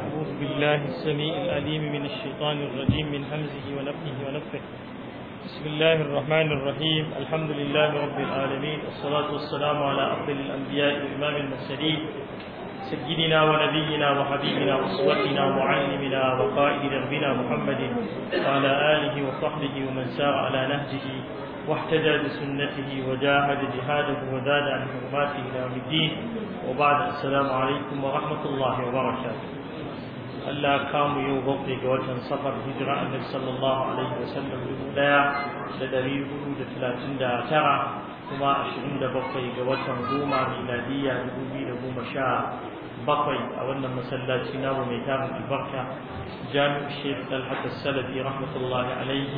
أعوذ بالله السميع العليم من الشيطان الرجيم من همزه ونفخه ونفخه بسم الله الرحمن الرحيم الحمد لله رب العالمين والصلاة والسلام على أفضل الأنبياء وإمام المرسلين سيدنا ونبينا وحبيبنا وصوتنا ومعلمنا وقائد ربنا محمد وعلى آله وصحبه ومن سار على نهجه واحتجى بسنته وجاهد جهاده وزاد عن حرماته الى يوم الدين وبعد السلام عليكم ورحمه الله وبركاته. ألا كام يوغطي جوة صفر هجرة النبي صلى الله عليه وسلم لا لدري ولود ثلاثين ترى كما أشعين بقي جوة روما ميلادية لبوبي لبوم شاء بقي أولنا مسلاتنا وميتاب البركة جامع الشيخ طلحة السلفي رحمة الله عليه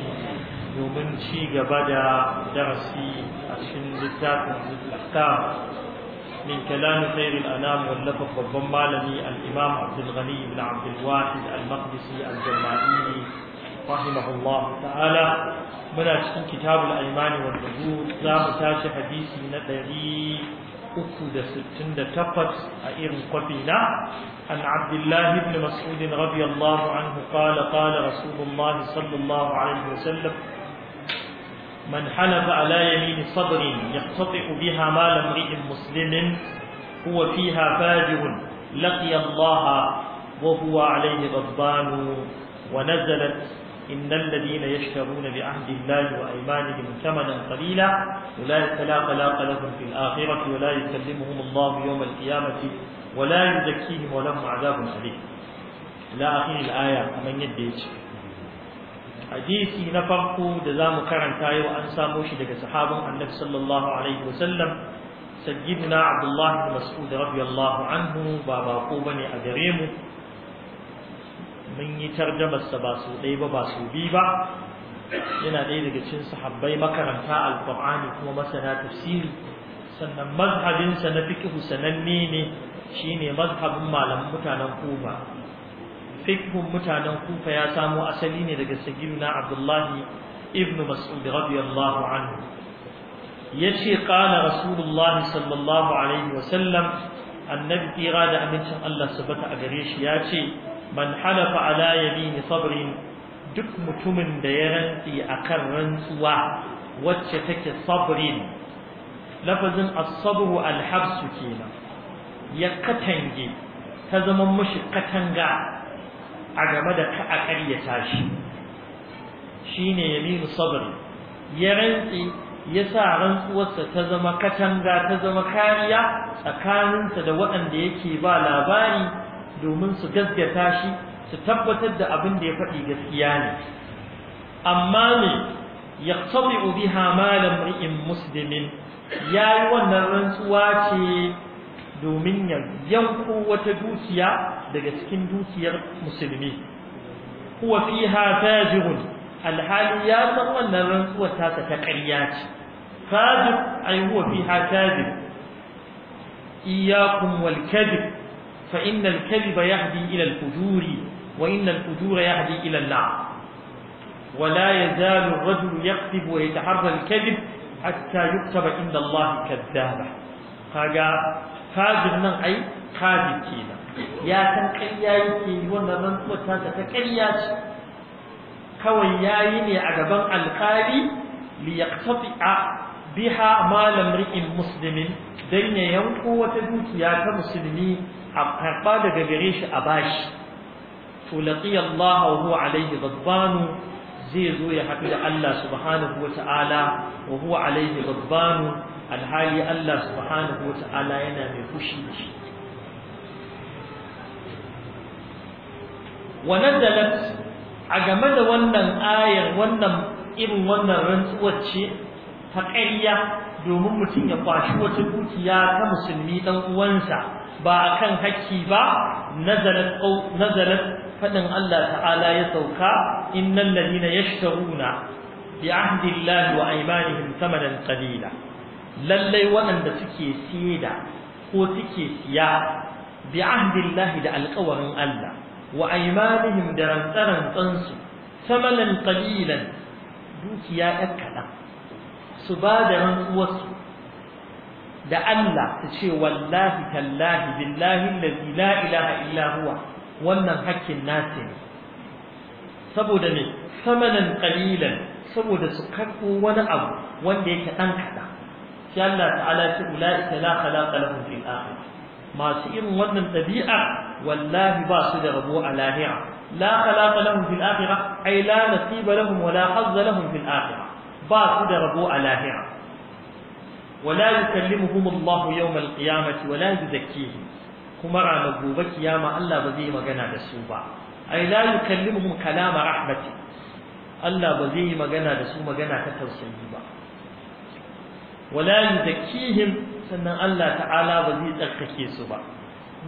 domin ci gaba da darasi a cikin littafin zuwa من كلام خير الأنام واللفظ والضمالني الإمام عبد الغني بن عبد الواحد المقدسي الجمائي رحمه الله تعالى من أشكين كتاب الأيمان والنجود لا متاش حديثي ندري أكد ستن تقص أئر قبيلة عن عبد الله بن مسعود رضي الله عنه قال قال رسول الله صلى الله عليه وسلم من حلف على يمين صدر يقتطع بها مال امرئ مسلم هو فيها فاجر لقي الله وهو عليه غضبان ونزلت إن الذين يشترون بعهد الله وأيمانهم ثمنا قليلا أولئك لا خلاق لهم في الآخرة ولا يكلمهم الله يوم القيامة ولا يزكيهم ولهم عذاب أليم إلى آخر الآية من يديك hadisi na farko da za mu karanta yau an samo shi daga sahabin annabi sallallahu alaihi wasallam sayyidina abdullah bin mas'ud radiyallahu anhu ba bako bane a gare mu mun yi tarjamar sa ba su ɗaya ba ba su bi ba yana ɗaya daga cikin sahabbai makaranta alqur'ani kuma masana tafsiri sannan mazhabinsa na fiqh sananne ne shine mazhabin malaman mutanen kuma. fikhun mutanen kufa ya samo asali ne daga sagiluna abdullahi ibn mas'ud radiyallahu anhu yace qala rasulullahi sallallahu alaihi wa sallam annabi kira da amincin Allah subhanahu a gare shi yace man halafa ala yamini sabrin duk mutumin da ya rantsi akan rantsuwa wacce take sabrin lafazin as-sabru al-habs kenan ya katange ta zama mushi katanga a game da ka a karyata shi ne yaminu sabari ya rantsi ya sa rantsuwarsa ta zama katanga ta zama kariya tsakaninsa da waɗanda yake ba labari domin su gaskata shi su tabbatar da abin da ya faɗi gaskiya ne amma me yaqtabi biha hamalin ri'in Ya yi wannan rantsuwa ce domin ya yanko wata dukiya daga cikin dukiyar musulmi huwa fiha fajirun alhali ya san wannan rantsuwar ta ta ƙarya ce fajir ai huwa fiha fajir iyyakum wal kadhib fa innal kadhiba yahdi ila al fujuri wa innal fujura yahdi ila al ولا يزال الرجل يكذب ويتحرى الكذب حتى يكتب عند الله كذابا kaga fajir nan ai fajir kenan ya san ƙarya yake yi wannan rantsuwar ta ta ƙarya ce kawai yayi ne a gaban alkali li yaqtati'a biha malam ri'in muslimin dan ya yanko wata dukiya ta musulmi a karba daga gare shi a bashi to laqiya Allah wa huwa ghadban zai zo ya haɗu da Allah subhanahu wa ta'ala wa huwa ghadban alhali Allah subhanahu Ta'ala yana mai fushi da shi wa nazalat a game da wannan ayar wannan irin wannan rantsuwar ce ta ƙarya domin mutum ya kwashi wata dukiya ta musulmi dan uwansa ba kan hakki ba nazalat faɗin Allah ta'ala ya sauka innal ladina yashtaruna bi ahdillahi Allah wa aymanihim thamanan qalila lallai waɗanda suke siye ko suke siya bi ahdillahi da alƙawarin Allah wa aymanihim da rantsaran tsansu samalan qalilan dukiya ɗan kaɗan su ba da rantsuwarsu da Allah su ce wallahi tallahi billahi allazi la ilaha illa huwa wannan hakkin nasi ne saboda ne samalan qalilan saboda su karɓo wani abu wanda yake ɗan kaɗan sai Allah ta'ala ce ulaika la khalaqa lahum fil akhirah masu irin wannan dabi'a wallahi ba su da rabo a lahira la khalaqa lahum fil akhirah ay la nasiba lahum wa hazza lahum fil ba su da rabo a lahira ولا يكلمهم الله يوم القيامة ولا يزكيهم kuma ranar gobe kiyama Allah ba zai magana da su ba ai la yukallimuhum kalama rahmati Allah ba zai magana da su magana ta tausayi ba wala yuzakkihim sannan Allah ta'ala ba zai tsarkake su ba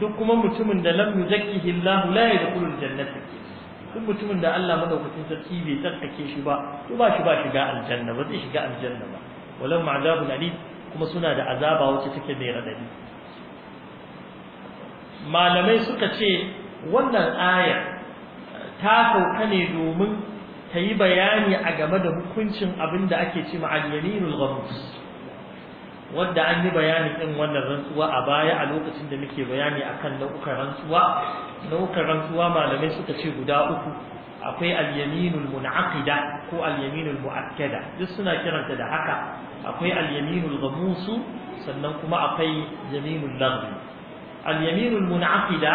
duk kuma mutumin da lam yuzakkihi Allah la yadkhulul jannata duk mutumin da Allah madaukakin sarki bai tsarkake shi ba to ba shi ba shiga aljanna ba zai shiga aljanna ba walau ma'adabul alim kuma suna da azaba wacce take mai radadi malamai suka ce wannan aya ta sauka ne domin ta yi bayani a game da hukuncin abin da ake ce ma al-yaminul ghamus wanda an yi bayani ɗin wannan rantsuwa a baya a lokacin da muke bayani akan nau'ukan rantsuwa nau'ukan rantsuwa malamai suka ce guda uku akwai Al'yaminu yaminul munaqida ko Al'yaminu yaminul muakkada duk suna kiranta da haka akwai Al'yaminu yaminul ghamusu sannan kuma akwai yaminul larbi. alyaminul yaminul munaqida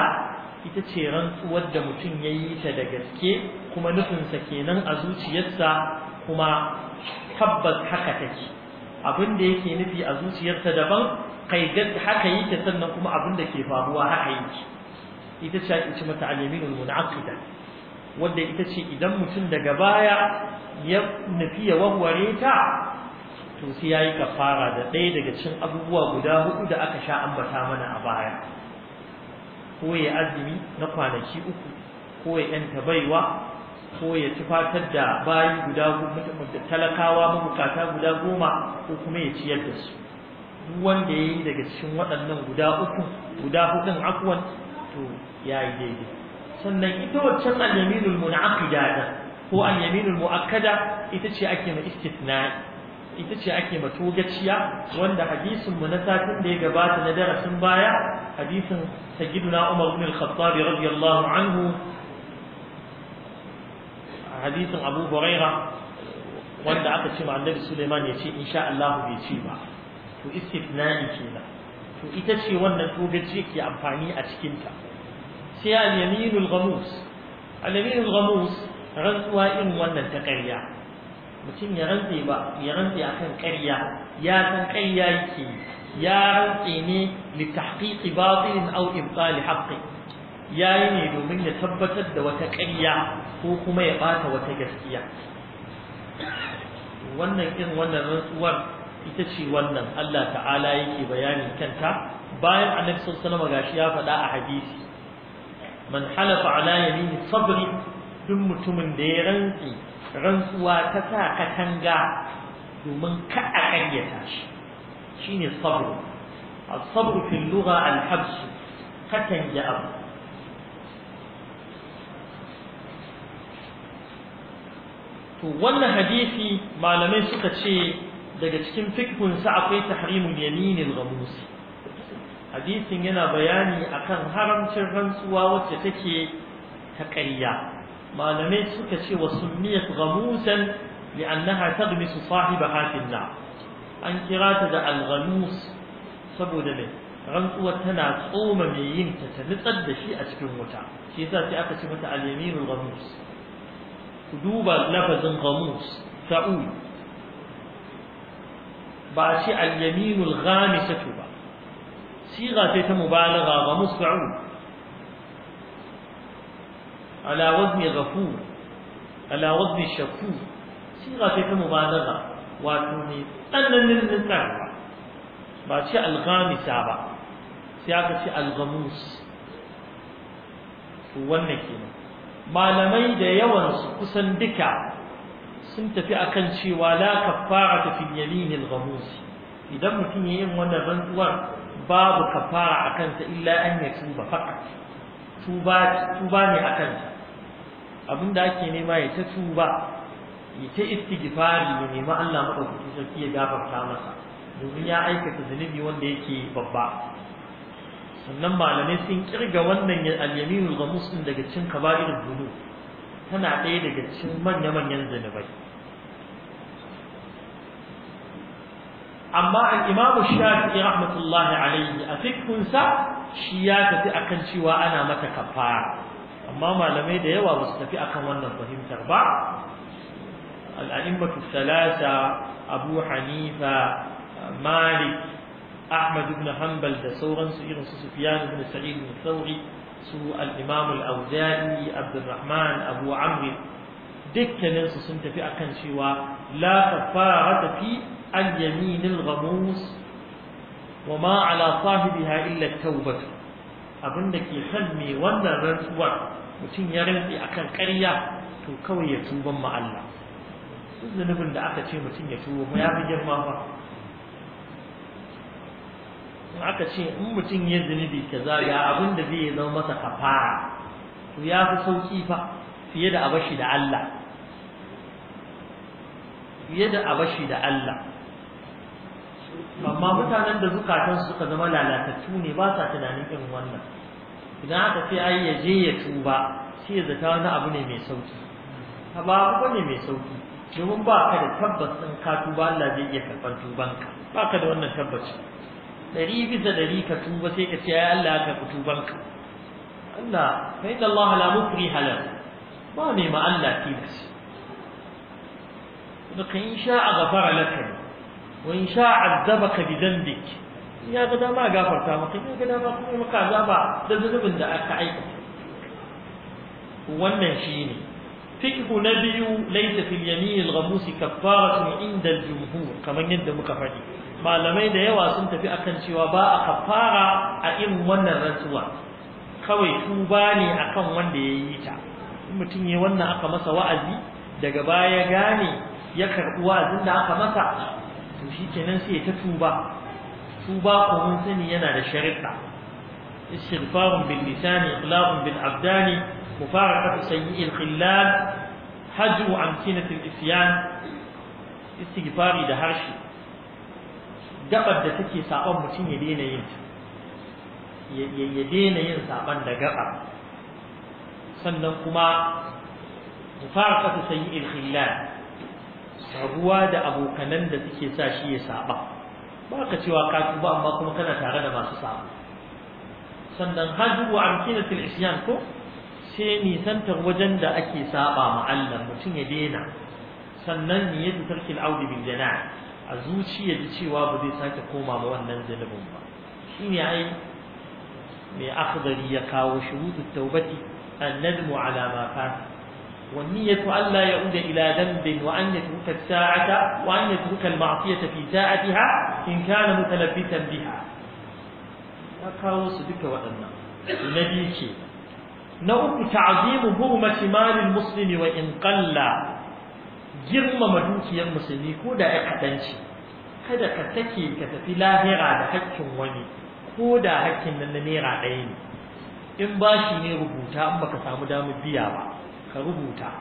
ita ce rantsuwar da mutum yayi ta da gaske kuma nufinsa kenan a zuciyarsa kuma tabbas haka take abin da yake nufi a zuciyarta daban kai haka yake sannan kuma abin da ke faruwa haka yake ita ce ake ce mata al munaqida wanda ita ce idan mutum daga baya ya nufi ya warware ta to sai yayi kafara da ɗaya daga cikin abubuwa guda hudu da aka sha ambata mana a baya ko ya azumi na kwanaki uku ko ya yanta baiwa ko ya tufatar da bayi guda goma da talakawa mabukata guda goma ko kuma ya ciyar da su duk wanda ya daga cikin waɗannan guda uku guda hudun akwan to ya daidai sannan ita waccan al-yaminul munaqida da ko al-yaminul muakkada ita ce ake ma istithna ita ce ake ma togaciya wanda hadisin mu na satin da ya gabata na darasin baya hadisin sayyiduna Umar ibn al-Khattab radiyallahu anhu hadisin Abu Huraira wanda aka ce ma Annabi Suleiman ya ce insha Allah bai ce ba to istifnani kenan to ita ce wannan togaci ke amfani a cikin ta sai al-yaminul ghamus al-yaminul ghamus rantsuwa irin wannan ta ƙarya mutum ya rantse ba ya rantse akan ƙarya ya san ƙarya yake ya rantse ne li tahqiqi batilin aw ibtali haqqi yayi ne domin ya tabbatar da wata ƙarya ko kuma ya bata wata gaskiya wannan irin wannan rantsuwar ita ce wannan Allah ta'ala yake bayanin kanta bayan annabi sallallahu alaihi gashi ya faɗa a hadisi man halafa ala yamini sabri duk mutumin da ya rantsi rantsuwa ta sa katanga domin ka a karyata shi shine sabr as-sabr fil lugha al-habs katange abu to wannan hadisi malamai suka ce daga cikin fikhunsa akwai tahrimul yaminil ghamus hadisin yana bayani akan haramcin rantsuwa wacce take ta ƙarya malamai suka ce wa summiyat ghamusan li'annaha taghmisu sahibaha fil nar an kira ta da al-ghamus saboda rantsuwar tana tsoma mai yin ta ta nutsar da shi a cikin wuta shi yasa sai aka ce mata al-yaminul ghamus ku duba lafazin ghamus sa'u ba ce al-yaminul ghamisatu ba siga ce ta mubalagha ghamus sa'u ala wazni ghafur ala wazni shakur siga ce ta mubalagha wato ne tsananin nutsarwa ba ce al-ghamisa ba sai aka ce al-ghamus wannan kenan malamai da yawan su kusan duka sun tafi akan cewa la kaffara fi yaminil ghamus idan mutum yayin wannan rantsuwar babu kafara a ta illa an ya tuba fakat tuba ne akan ta abinda ake nema ya ta tuba ya ta gifari ya nemi Allah madaukakin sarki ya gafarta masa domin ya aikata zunubi wanda yake babba sannan malamai sun kirga wannan al ga ghamus din daga cikin kaba'irul dhunub tana ɗaya daga cikin manya-manyan zanubai amma al-imamu shafi'i rahmatullahi alaihi a fikhunsa shi ya tafi akan cewa ana mata kafara amma malamai da yawa ba su tafi akan wannan fahimtar ba al-a'immatu thalatha abu hanifa malik Ahmad ibn Hanbal da sauransu irin su Sufyan ibn Sa'id ibn Thawri su al-Imam al-Awza'i Abdurrahman Abu Amr dukkanin su sun tafi akan cewa la kafarata fi al-yamin al-ghamus wa ma ala sahibiha illa at abinda ke kan me wannan rantsuwar mutum ya rantsi akan ƙarya to kawai ya tuban ma Allah zunubin da aka ce mutum ya tuba ya fi girma fa aka ce in mutum ya zunubi kaza ga abin da zai zama masa kafara to ya fi sauki fa fiye da abashi da Allah fiye da abashi da Allah amma mutanen da zukatansu suka zama lalatattu ne ba sa tunanin irin wannan idan aka ce ai ya je ya tuba sai ya zata wani abu ne mai sauki ba abu ne mai sauki domin ba ka da tabbas ɗin ka tuba Allah zai iya karɓar tubanka ba ka da wannan tabbacin. ɗari bisa ɗari ka tuba sai ka ce ya Allah ka fi tuban ka Allah fa inna Allah la mukri halal ba ne ma Allah tilas لك إن شاء غفر لك وإن شاء عذبك بذنبك يا غدا ما غفرت مك يا غدا ما كنت مك عذاب ده ذنبن ده aka aikata wannan shine fiqh nabiyu laysa fil yamin al ghamus kaffaratun inda al jumhur kaman yadda muka faɗi malamai da yawa sun tafi akan cewa ba a kafara a irin wannan rantsuwa kawai tuba ne akan wanda ya yi ta mutum ya wannan aka masa wa'azi daga baya gane ya karɓi wa'azin da aka masa to shi kenan sai ta tuba tuba ko mun sani yana da shari'a istighfarun bil lisani ikhlaqun bil abdani mufaraqatu sayyi'il khillal hajru amkinati al isyan istighfari da harshe gabar da take saban mutum ya daina yin ya daina yin saban da gaba sannan kuma yi sayyi'il khillal Sabuwa da abokanan da suke sa shi ya saba ba ka cewa ka ba amma kuma kana tare da masu saba sannan hajju amkinatul isyan ko sai nisantar wajen da ake saba ma Allah mutum ya daina sannan ya tarkil audi bil jana'a. a zuciya da cewa ba zai sake koma ma wannan zunubin ba shi ne ai mai akhdari ya kawo shurutu taubati annadmu ala ma fat wa niyyatu alla ya'uda ila dhanbin wa an yatruka as-sa'ata wa an yatruka al-ma'siyata fi sa'atiha in kana mutalabbitan biha ya kawo su duka waɗannan na biyu na uku ta'zimu hurmati malil muslimi wa in qalla girmama dukiyar musulmi ko da ya kaɗanci kada ka take ka tafi lahira da hakkin wani ko da hakkin nan na naira ɗaya ne in ba shi ne rubuta in baka samu damar biya ba ka rubuta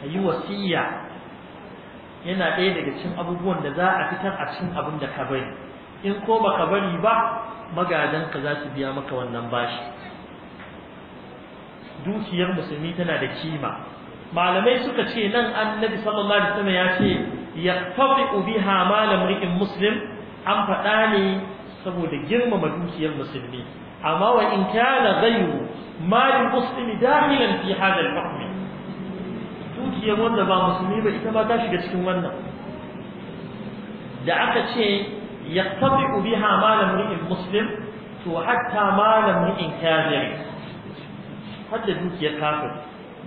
ka yi wasiya yana ɗaya daga cikin abubuwan da za a fitar a cikin abin da ka bari in ko baka bari ba magadanka za su biya maka wannan bashi dukiyar musulmi tana da kima malamai suka ce nan annabi sallallahu alaihi wasallam ya ce yaqtabi biha malam ri'in muslim an faɗa ne saboda girmama dukiyar musulmi amma wa in kana ghayru malin muslimi dakhilan fi hadha al-hukm dukiyar wanda ba musulmi ba ita ma ta shiga cikin wannan da aka ce yaqtabi biha malam ri'in muslim to hatta malam ri'in kafir hadda dukiyar kafir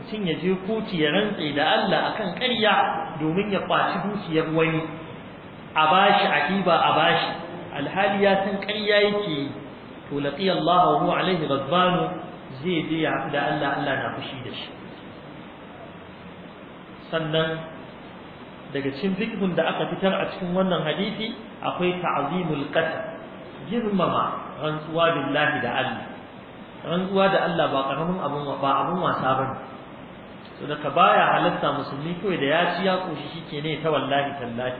mutum ya je kotu ya rantse da Allah akan ƙarya domin ya kwaci dukiyar wani a bashi akiba a bashi alhali ya san ƙarya yake to laqiya Allah wa huwa alaihi ghadbanu zai je ya haɗu da Allah Allah na fushi da shi sannan daga cikin fikhun da aka fitar a cikin wannan hadisi akwai ta'zimul qatl girmama rantsuwa billahi da Allah rantsuwa da Allah ba karamin abun ba abun wasa bane Sudaka baya halatta musulmi kawai da ya ci ya koshi shike ne ta wallahi tallahi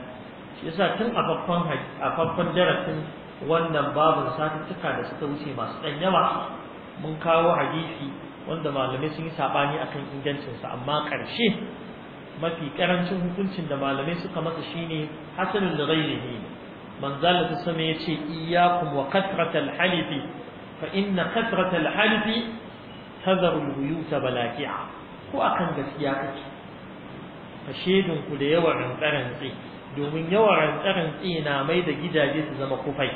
shi yasa tun a farkon a darasin wannan babu satuttuka da suka wuce masu dan yawa mun kawo hadisi wanda malamai sun yi sabani akan ingancin sa amma karshe mafi karancin hukuncin da malamai suka masa shine hasanul ghairihi manzal ta sama yace iyyakum wa kasratal halifi fa inna kasratal halifi tadharu al-buyut balaki'a ko akan gaskiya kake ka shedun ku da yawan tsi domin yawan tsi na mai da gidaje su zama kufai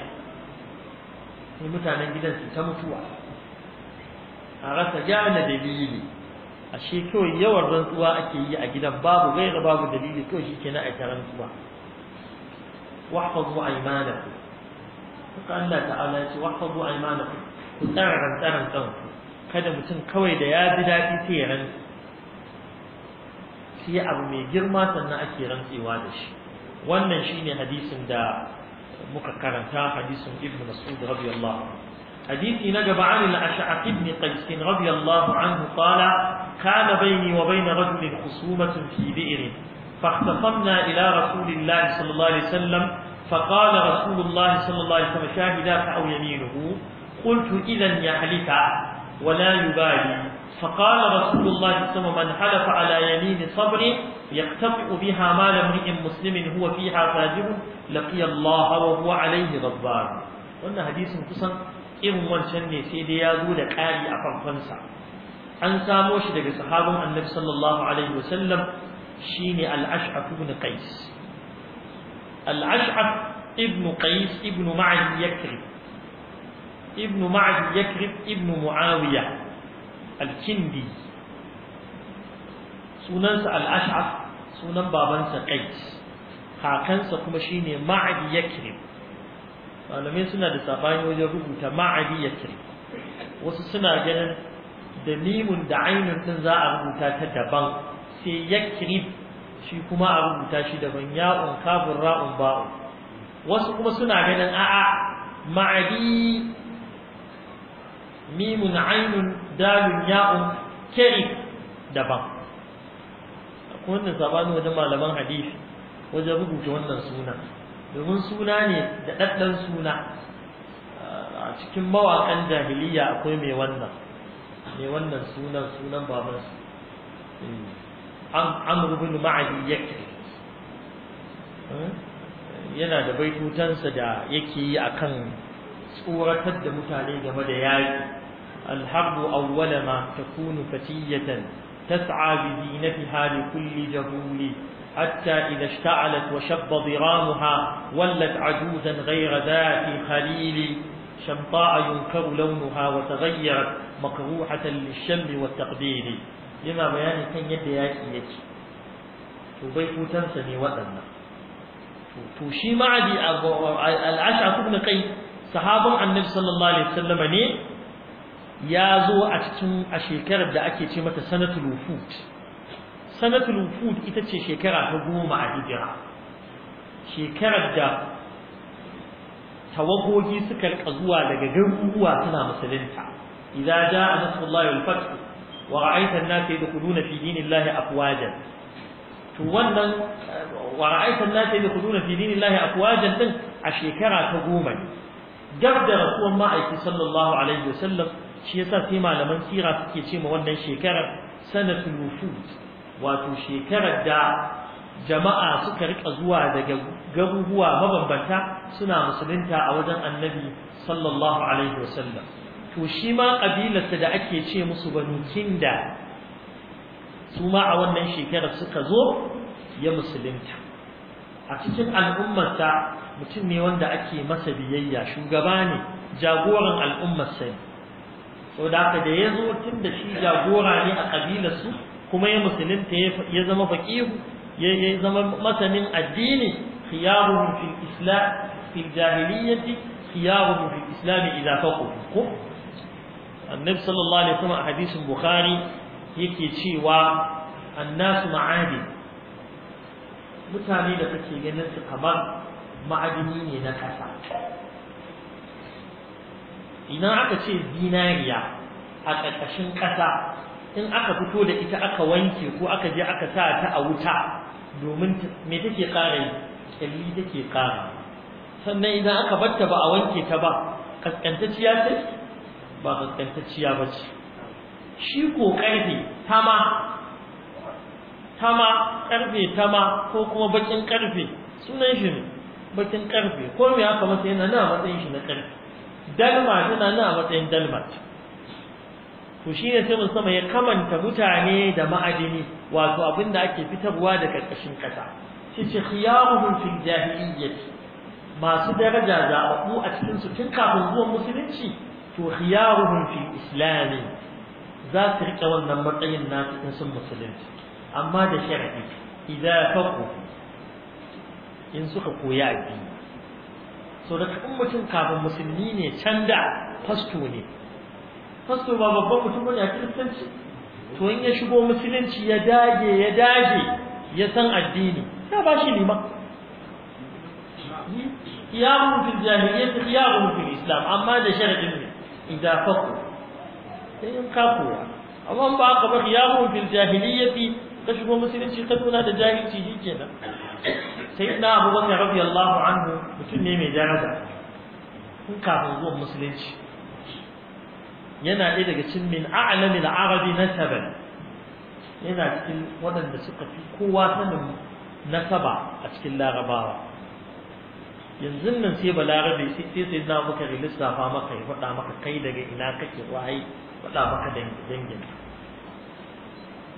sai mutanen gidan su ta mutuwa a rasa jana dalili shi kawai yawan rantsuwa ake yi a gidan babu gaira babu dalili kawai shi kenan a ta rantsuwa wahfazu aymanaku haka Allah ta'ala ya ce wahfazu aymanaku ku tsara rantsaran kanku kada mutum kawai da ya ji dadi sai ya rantsa sai abu mai girma sannan ake rantsewa da shi wannan shine hadisin da muka karanta hadisin ibnu mas'ud radiyallahu anhu حديث نجب عن الأشعث بن قيس رضي الله عنه قال كان بيني وبين رجل خصومة في بئر فاختصمنا إلى رسول الله صلى الله عليه وسلم فقال رسول الله صلى الله عليه وسلم شاهداك أو يمينه قلت إذا يحلف ولا يبالي فقال رسول الله صلى الله عليه وسلم من حلف على يمين صبر يقتطع بها مال امرئ مسلم هو فيها فاجر لقي الله وهو عليه غضبان wannan hadisin kusan irin wancan ne sai dai ya zo da ƙari a farkonsa an samo shi daga sahabin annabi sallallahu alaihi wasallam shine al-ash'af ibn qais al-ash'af ibn qais ibn ma'ad yakrib ibn ma'ad yakrib ibn muawiya alkindi sunansa al'ash'af sunan babansa qais kakansa kuma shine ma'adi yakrim malamai suna da sabani wajen rubuta ma'adi yakrim wasu suna ganin da mimun da ainun din za a rubuta ta daban sai yakrim shi kuma a rubuta shi daban ya'un kafin ra'un ba'un wasu kuma suna ganin a'a ma'adi mimun ainun dalun ya'un kari daban akwai wannan sabani wajen malaman hadisi wajen rubuta wannan suna domin suna ne da daddan suna a cikin mawakan jahiliya akwai mai wannan mai wannan sunan sunan babansu hmm. amru bin ma'adi yake hmm? yana da baitutansa da yake yi akan tsoratar da mutane game da yaƙi الحرب أول ما تكون فتية تسعى بزينتها لكل جهول حتى إذا اشتعلت وشب ضرامها ولت عجوزا غير ذات خليل شمطاء ينكر لونها وتغيرت مكروحة للشم والتقدير لما بيان كان يد ياكي يكي وبيت تنسني وأنا توشي معدي الأشعة ابن قيس صحابة النبي صلى الله عليه وسلم ne ya zo a cikin a shekarar da ake ce mata sanatul wufud sanatul wufud ita ce shekara ta goma a hijira shekarar da tawagogi suka rika zuwa daga garuruwa suna musulunta idza jaa nasrullahi wal fath wa ra'aita an-nas yadkhuluna fi dinillahi afwajan to wannan wa ra'aita an-nas yadkhuluna fi dinillahi afwajan din a shekara ta goma ne dab da rasuwan ma'aiki sallallahu alaihi wa sallam. shi yasa sai malaman sira suke ce ma wannan shekarar sanatul wufud wato shekarar da jama'a suka rika zuwa daga garuruwa mabambanta suna musulunta a wajen annabi sallallahu alaihi wasallam to shi ma kabilarsa da ake ce musu banu kinda su ma a wannan shekarar suka zo ya musulunta a cikin al'ummarsa mutum ne wanda ake masa biyayya shugaba ne jagoran al'ummarsa ne sau da haka da ya zo tun da shi jagora ne a kabilarsu su kuma ya musulunta ya zama faqihu ya zama masanin addini khiyaruhum fil islam fil jahiliyyati khiyaruhum fil islam idza faqahu annabi sallallahu alaihi wasallam a hadisin bukhari yake cewa annasu ma'adi mutane da kake ganin su kamar ma'adini ne na kasa idan aka ce zinariya a ƙarƙashin ƙasa in aka fito da ita aka wanke ko aka je aka sa ta a wuta domin me take ƙara yi ƙyalli take ƙara sannan idan aka batta ba a wanke ta ba ƙasƙantacciya ce ba ƙasƙantacciya ba ce shi ko ƙarfe tama tama ƙarfe tama ko kuma bakin ƙarfe sunan shi ne bakin ƙarfe ko me aka masa yana na matsayin shi na ƙarfe dalma tana nan a matsayin dalma ku shi ne sai musamman ya kamanta mutane da ma'adini wato abin da ake fitarwa daga ƙarƙashin ƙasa shi ce khiyaruhum fil jahiliyyati masu daraja zaɓaɓɓu a cikin su tun kafin zuwan musulunci to khiyaruhum fil islami za su riƙe wannan matsayin nasu in sun musulunci amma da sharadi idan faqu in suka koya addini so da in mutum kafin musulmi ne can da fasto ne fasto ba babban mutum ne a kiristanci to in ya shigo musulunci ya dage ya dage ya san addini ya ba shi liman mutum fil jahiliyyah khiyarun mutum islam amma da sharadin ne idan faqu sai in ka koya amma ba ka mutum khiyarun ya fi ka shigo musulunci ka tuna da jahilci shikenan sai na abubakar radiyallahu anhu mutum ne mai daraja tun kafin zuwan musulunci yana ɗaya daga cikin min a'lamil arabi nasaban yana cikin waɗanda suka fi kowa sanin nasaba a cikin larabawa yanzu nan sai balarabe sai sai sai na muka lissafa maka ya faɗa maka kai daga ina kake waye faɗa maka dangin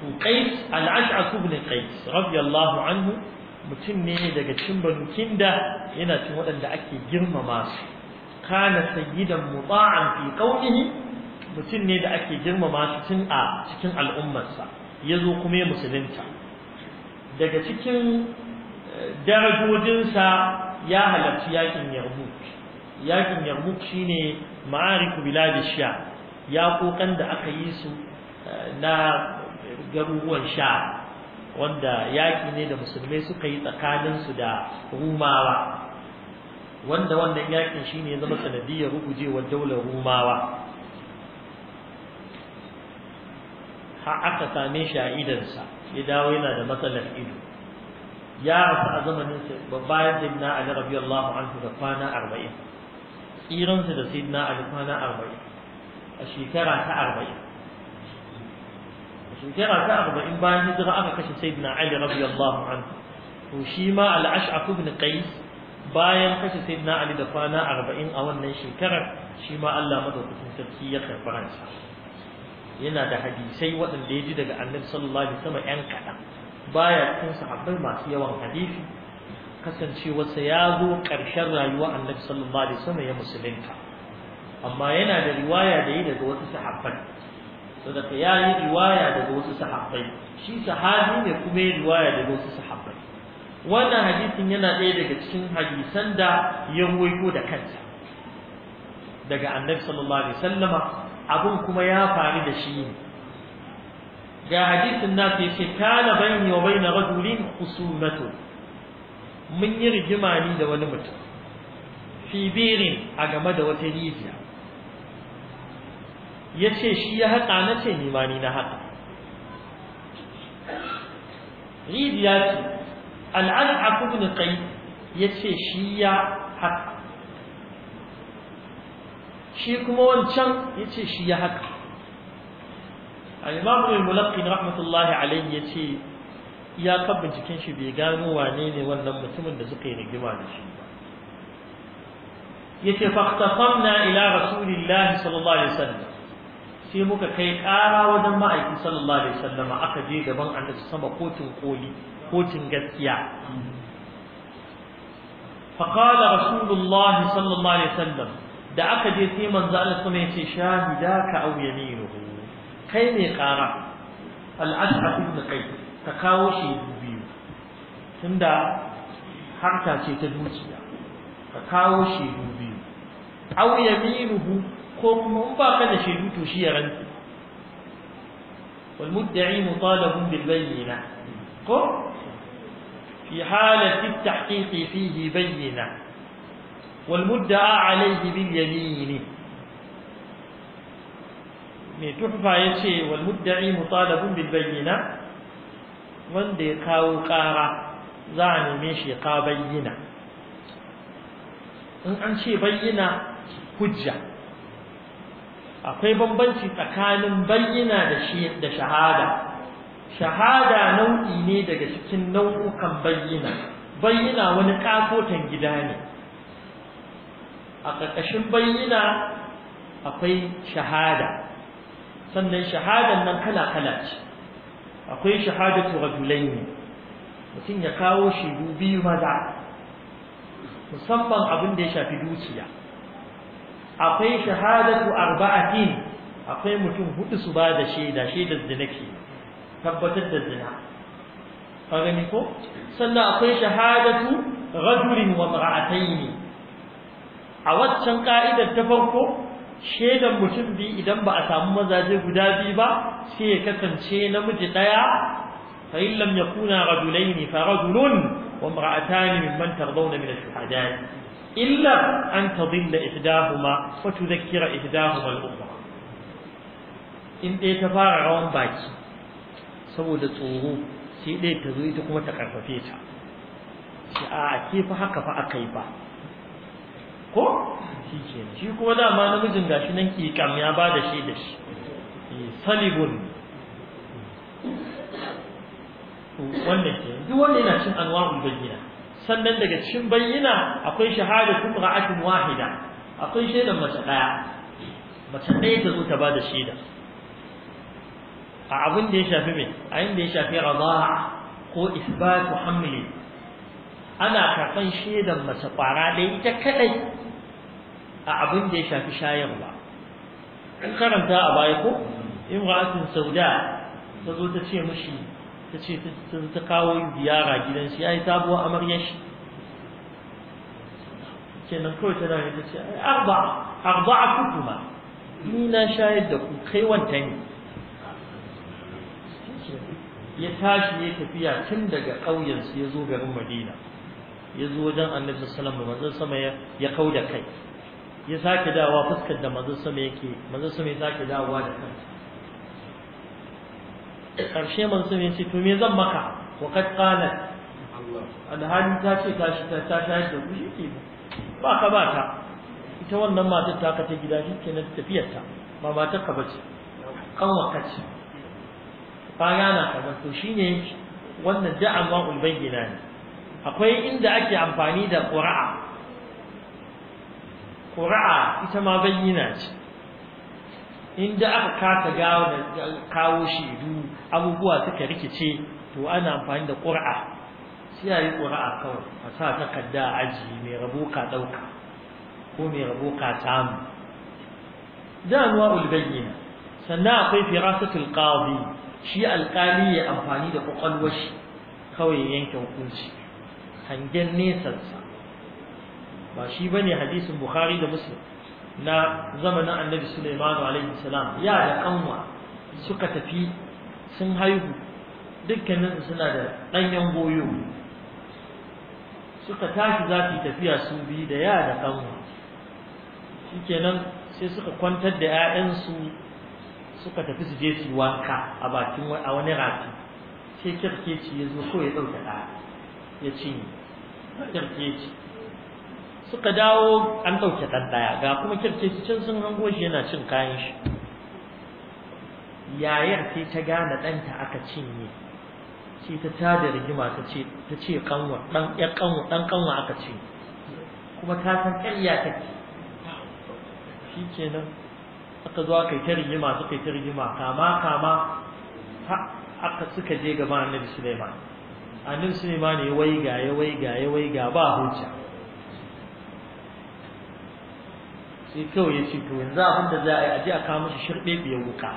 to qais al-ash'ath ibn qais radiyallahu anhu mutum ne daga cikin banukin da, yana cin waɗanda ake girmama su kana sayyidan muta'an fi qawlihi mutum ne da ake girmama su tun a cikin al'ummarsa zo kuma ya musulunta daga cikin eh, darajojinsa ya halarci yakin yarmuk yakin yarmuk shine ma'ariku bilad sha ya kokan da aka yi su eh, na garuruwan sha wanda yaki ne da musulmai suka yi tsakaninsu da rumawa wanda wannan yakin shine ya zama sanadiyar rugujewar daular rumawa har aka same shi a idansa ya dawo yana da matsalar ido ya rasu a zamanin bayan sayyidina ali radiyallahu anhu da kwana arba'in, tsiransa da sayyidina ali kwana arba'in, a shekara ta arba'in. shekara ta arba'in bayan hijira aka kashe sayyidina ali radiyallahu anhu to shi ma al a ibn qais bayan kashe sayyidina ali da kwana arba'in a wannan shekarar shi ma Allah madaukakin sarki ya karɓi ransa yana da hadisai waɗanda ya ji daga annabi sallallahu alaihi wasallam yan kaɗan baya cikin sahabbai masu yawan hadisi kasancewarsa ya zo ƙarshen rayuwa annabi sallallahu alaihi wasallam ya musulunta amma yana da riwaya da yi daga wasu sahabbai Sadaka ya yi riwaya daga wasu sahabbai shi sahabi ne kuma ya riwaya daga wasu sahabbai wannan hadisin yana ɗaya daga cikin hadisan da ya ruwaito da kansa daga annabi sallallahu alaihi wasallama abin kuma ya faru da shi ne ga hadisin na ke yace kana bayni wa bayna rajulin khusumatu mun yi rigima ni da wani mutum fi birin a game da wata rijiya ya ce shi ya haƙa na ce nimani na haƙa rijiya ce a bin kai ya ce shi ya haƙa shi kuma wancan ya ce shi ya haƙa al'imamu mai mulaƙin rahmatullahi alayhi ya ce ya kan binciken shi bai gano wane ne wannan mutumin da suka yi rigima da shi ba ya ce faktasamna ila rasulillahi sallallahu alaihi wasallam sai muka kai ƙara wajen ma'aikin sallallahu alaihi wasallam aka je gaban annabi sama kotun koli kotun gaskiya فقال رسول الله sallallahu alaihi عليه وسلم da aka je sai manzo Allah kuma yace shahidaka aw yaminuhu kai ne kara al-ashab ibn qais ka kawo shi biyu tunda harta ce ta dukiya ka kawo shi biyu aw yaminuhu كم أم باقنا شيء توشي عن والمدعي مطالب بالبينة كم في حالة التحقيق فيه بينة والمدعى عليه باليمين تحفى يشي والمدعي مطالب بالبينة من دي كاو كارا زاني ميشي قابينة ان شي بينة حجه akwai bambanci tsakanin bayyana da shi da shahada shahada nau'i ne daga cikin nau'ukan bayyana bayyana wani kafotan gida ne a ƙarƙashin bayyana akwai shahada sannan shahadan nan kala kala ce akwai shahadatu rajulaini mutum ya kawo shaidu biyu maza musamman abin da ya shafi dukiya akwai shahadatu arba'atin akwai mutum hudu su ba da shaida shaidar zina ke tabbatar da zina ka gani ko sannan akwai shahadatu rajulin wa mar'atayn a waccan ka'idar ta farko shaidan mutum bi idan ba a samu mazaje guda biyu ba sai ya kasance namiji daya fa in lam yakuna rajulayn fa rajulun wa mar'atan mimman tardawna min ash-shuhada'i illa an تضل إحداهما fa إحداهما الأخرى إن دي in عن ta fara rawan baki saboda tsoro sai dai ta zo ita kuma ta a ke fa haka fa akai ko shi ke shi kuma ma namijin gashi nan ki kam ya ba da shi da shi salibun wannan ke duk yana cin anwaun bayyana sannan daga cikin bayyana akwai shahadatu ra'atin wahida akwai shaidan mace daya mace daya ta zo ta bada shaida a abin da ya shafi me a inda ya shafi radaa ko isbatu hamli ana karban shaidan mace kwara dai ita kadai a abin da ya shafi shayarwa in karanta a baya ko imra'atun sauda ta zo ta ce mishi ta ce ta kawo ziyara gidan shi sabuwa a amaryar shi nan kawai ta ne ta ce arba arba a ma ni na shayar da ku kai wanta ne ya tashi ya tafiya tun daga ƙauyensu ya zo garin madina ya zo wajen annabi salam da wasallam sama ya kau da kai ya sake dawa fuskar da manzon sama yake manzon sama ya sake dawa da kansa karshe manzo ya ce to me zan maka wa kad qala alhali ta ce ta shi ta shi da ku shi ba ka ba ta ita wannan matar ta ka ta gida shi kenan tafiyar ta ba ta ka bace kan ka ce ka gana ka to shine wannan da'an ma'ul bayyana ne akwai inda ake amfani da ƙura'a ƙura'a ita ma bayyana ce inda aka kasa gawo da kawo shaidu abubuwa suka rikice to ana amfani da ƙura'a sai a yi ƙura'a kawai a sa takarda a aji mai rabo ka ɗauka ko mai rabo ka tamu da anwa ulbayyana sannan akwai firasatul qadi shi alƙali ya amfani da ƙwaƙwalwar shi kawai yanke hukunci hangen nesansa ba shi bane hadisin bukhari da muslim na zamanin annabi Sulaiman alaihi salam ya da kanwa suka tafi sun haihu dukkanin suna da ɗanyen goyo suka tashi za su tafiya su bi da ya da kanwa shikenan sai suka kwantar da 'ya'yansu suka tafi su je su wanka a bakin a wani rafi sai kirkeci ya zo so ya ɗauka ɗaya ya ci, kirkeci suka dawo an ɗauke ɗan ɗaya ga kuma kirkeci can sun hango shi yana cin kayan shi yayar sai ta gane ɗanta aka cinye shi ta tada rigima ta ce ta ce kanwa ɗan ya kanwa ɗan kanwa aka ci kuma ta san ta ce shi nan, aka zo aka yi ta rigima suka yi ta rigima kama kama aka suka je gaban annabi Suleiman annabi Suleiman ya waiga ya waiga ya waiga ba hujja sai kawai ya ce to yanzu abin da za a yi a ji a kawo mashi shirɓe biya wuka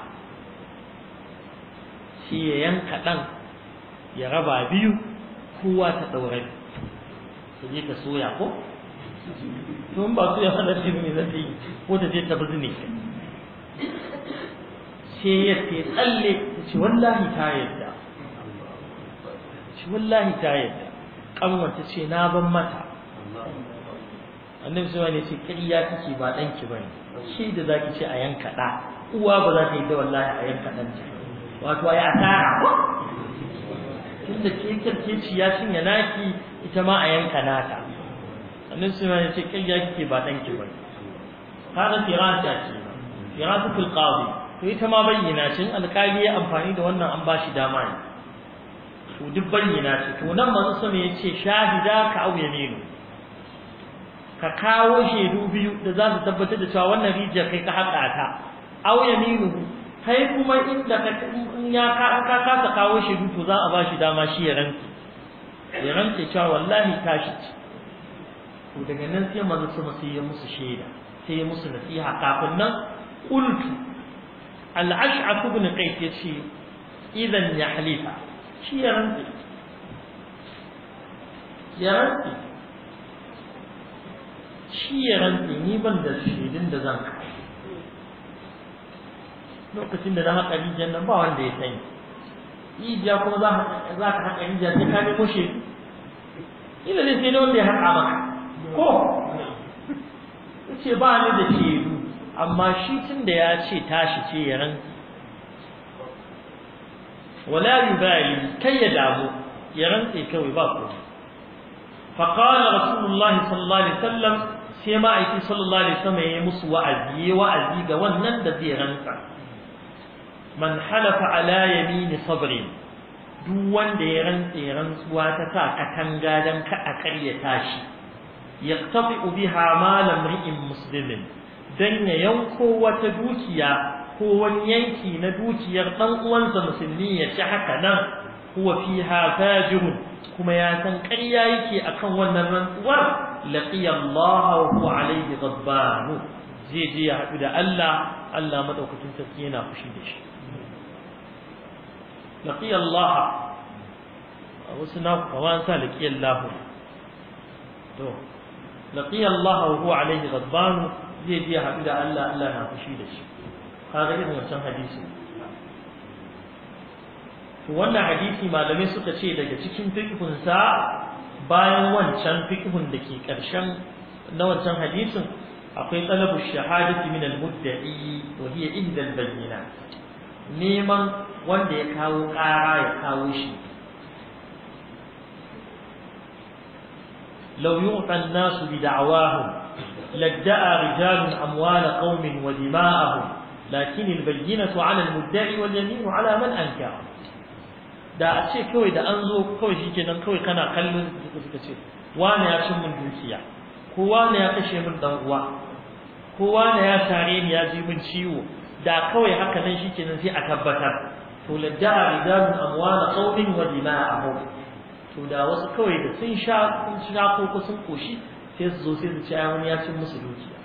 shi ya yanka ɗan ya raba biyu kowa ta ɗaure su je ta soya ko tun ba soya wanda ce mai zafi ko ta je ta bizne ce ya ce tsalle ta ce wallahi ta yadda ce wallahi ta yadda ƙanwar ta ce na ban mata annabi sai ne ce kiriya kake ba dan ki bane shi da zaki ce a yanka da uwa ba za ta yi da wallahi a yanka dan ki wato ya tara ko tunda ke kirke ci ya shinya naki ita ma a yanka naka annabi sai ne ce kiriya kake ba dan ki bane hada firasa ce fil qadi to ita ma bayyana shin alkali ya amfani da wannan an bashi dama ne to duk bayyana ce to nan manzo sama ce shahida ka au ne? ka kawo shaidu biyu da za su tabbatar da cewa wannan rijiyar kai ka haƙa ta aw yaminuhu kai kuma inda ka in ya ka ka kasa kawo shaidu to za a ba shi dama shi ya rantsi ya rantsi cewa wallahi ta tashi to daga nan sai manzo sama sai ya musu shaida sai ya musu nasiha kafin nan qultu al-ash'ab ibn qais yace idan ya halifa shi ya rantsi ya rantsi shi ya rantsi ni ban da shaidun da zan kai lokacin da na haƙa rijiyar nan ba wanda ya sani rijiya kuma za ka haƙa rijiya sai ka nemo shaidu Ina ne sai wanda ya haƙa maka ko ce ba ni da shedu amma shi tun da ya ce tashi ce ya ran wala yubali kai ya damu ya rantsi kawai ba komai فقال رسول rasulullahi sallallahu alaihi wasallam sai ma'aikin sallallahu alaihi wasallam ya yi musu wa'azi ya wa'azi ga wannan da zai rantsa man halafa ala yamini sabrin duk wanda ya rantsa ya rantsuwa ta sa katanga dan ka a karyata shi yaqtafi biha malam ri'in muslimin dan ya yanko wata dukiya ko wani yanki na dukiyar ɗan uwansa musulmi ya ci haka nan huwa fiha fajirun kuma ya san ƙarya yake akan wannan rantsuwar laqiya Allah wa huwa alayhi ghadban zai je ya haɗu da Allah Allah madaukakin sarki yana fushi da shi laqiya Allah a wasu na kuma an sa laqiya Allah to laqiya Allah wa huwa alayhi ghadban zai je ya haɗu da Allah Allah na fushi da shi kaga irin wancan hadisi wannan hadisi malamai suka ce daga cikin fiqhunsa bayan wancan fiqhun da ke ƙarshen na wancan hadisin akwai talabu shahadati min al-mudda'i wa hiya inda al-bayyina neman wanda ya kawo ƙara ya kawo shi law yu'ta an-nasu bi da'wahum ladda'a rijalun amwala qaumin wa dima'ahum lakin al-bayyinatu 'ala al-mudda'i wal yamin 'ala man ankara da a ce kawai da an zo kawai shi kenan kawai kana kallon suka suka ce wane ya cin min dukiya ko wane ya kashe min dan uwa ko wane ya tare ni ya ji min ciwo da kawai haka nan shi kenan sai a tabbatar to ladda da'a rijalun amwala qawmin wa dima'ahum to da wasu kawai da sun sha sun sha ko sun koshi sai su zo sai su ce wani ya cin musu dukiya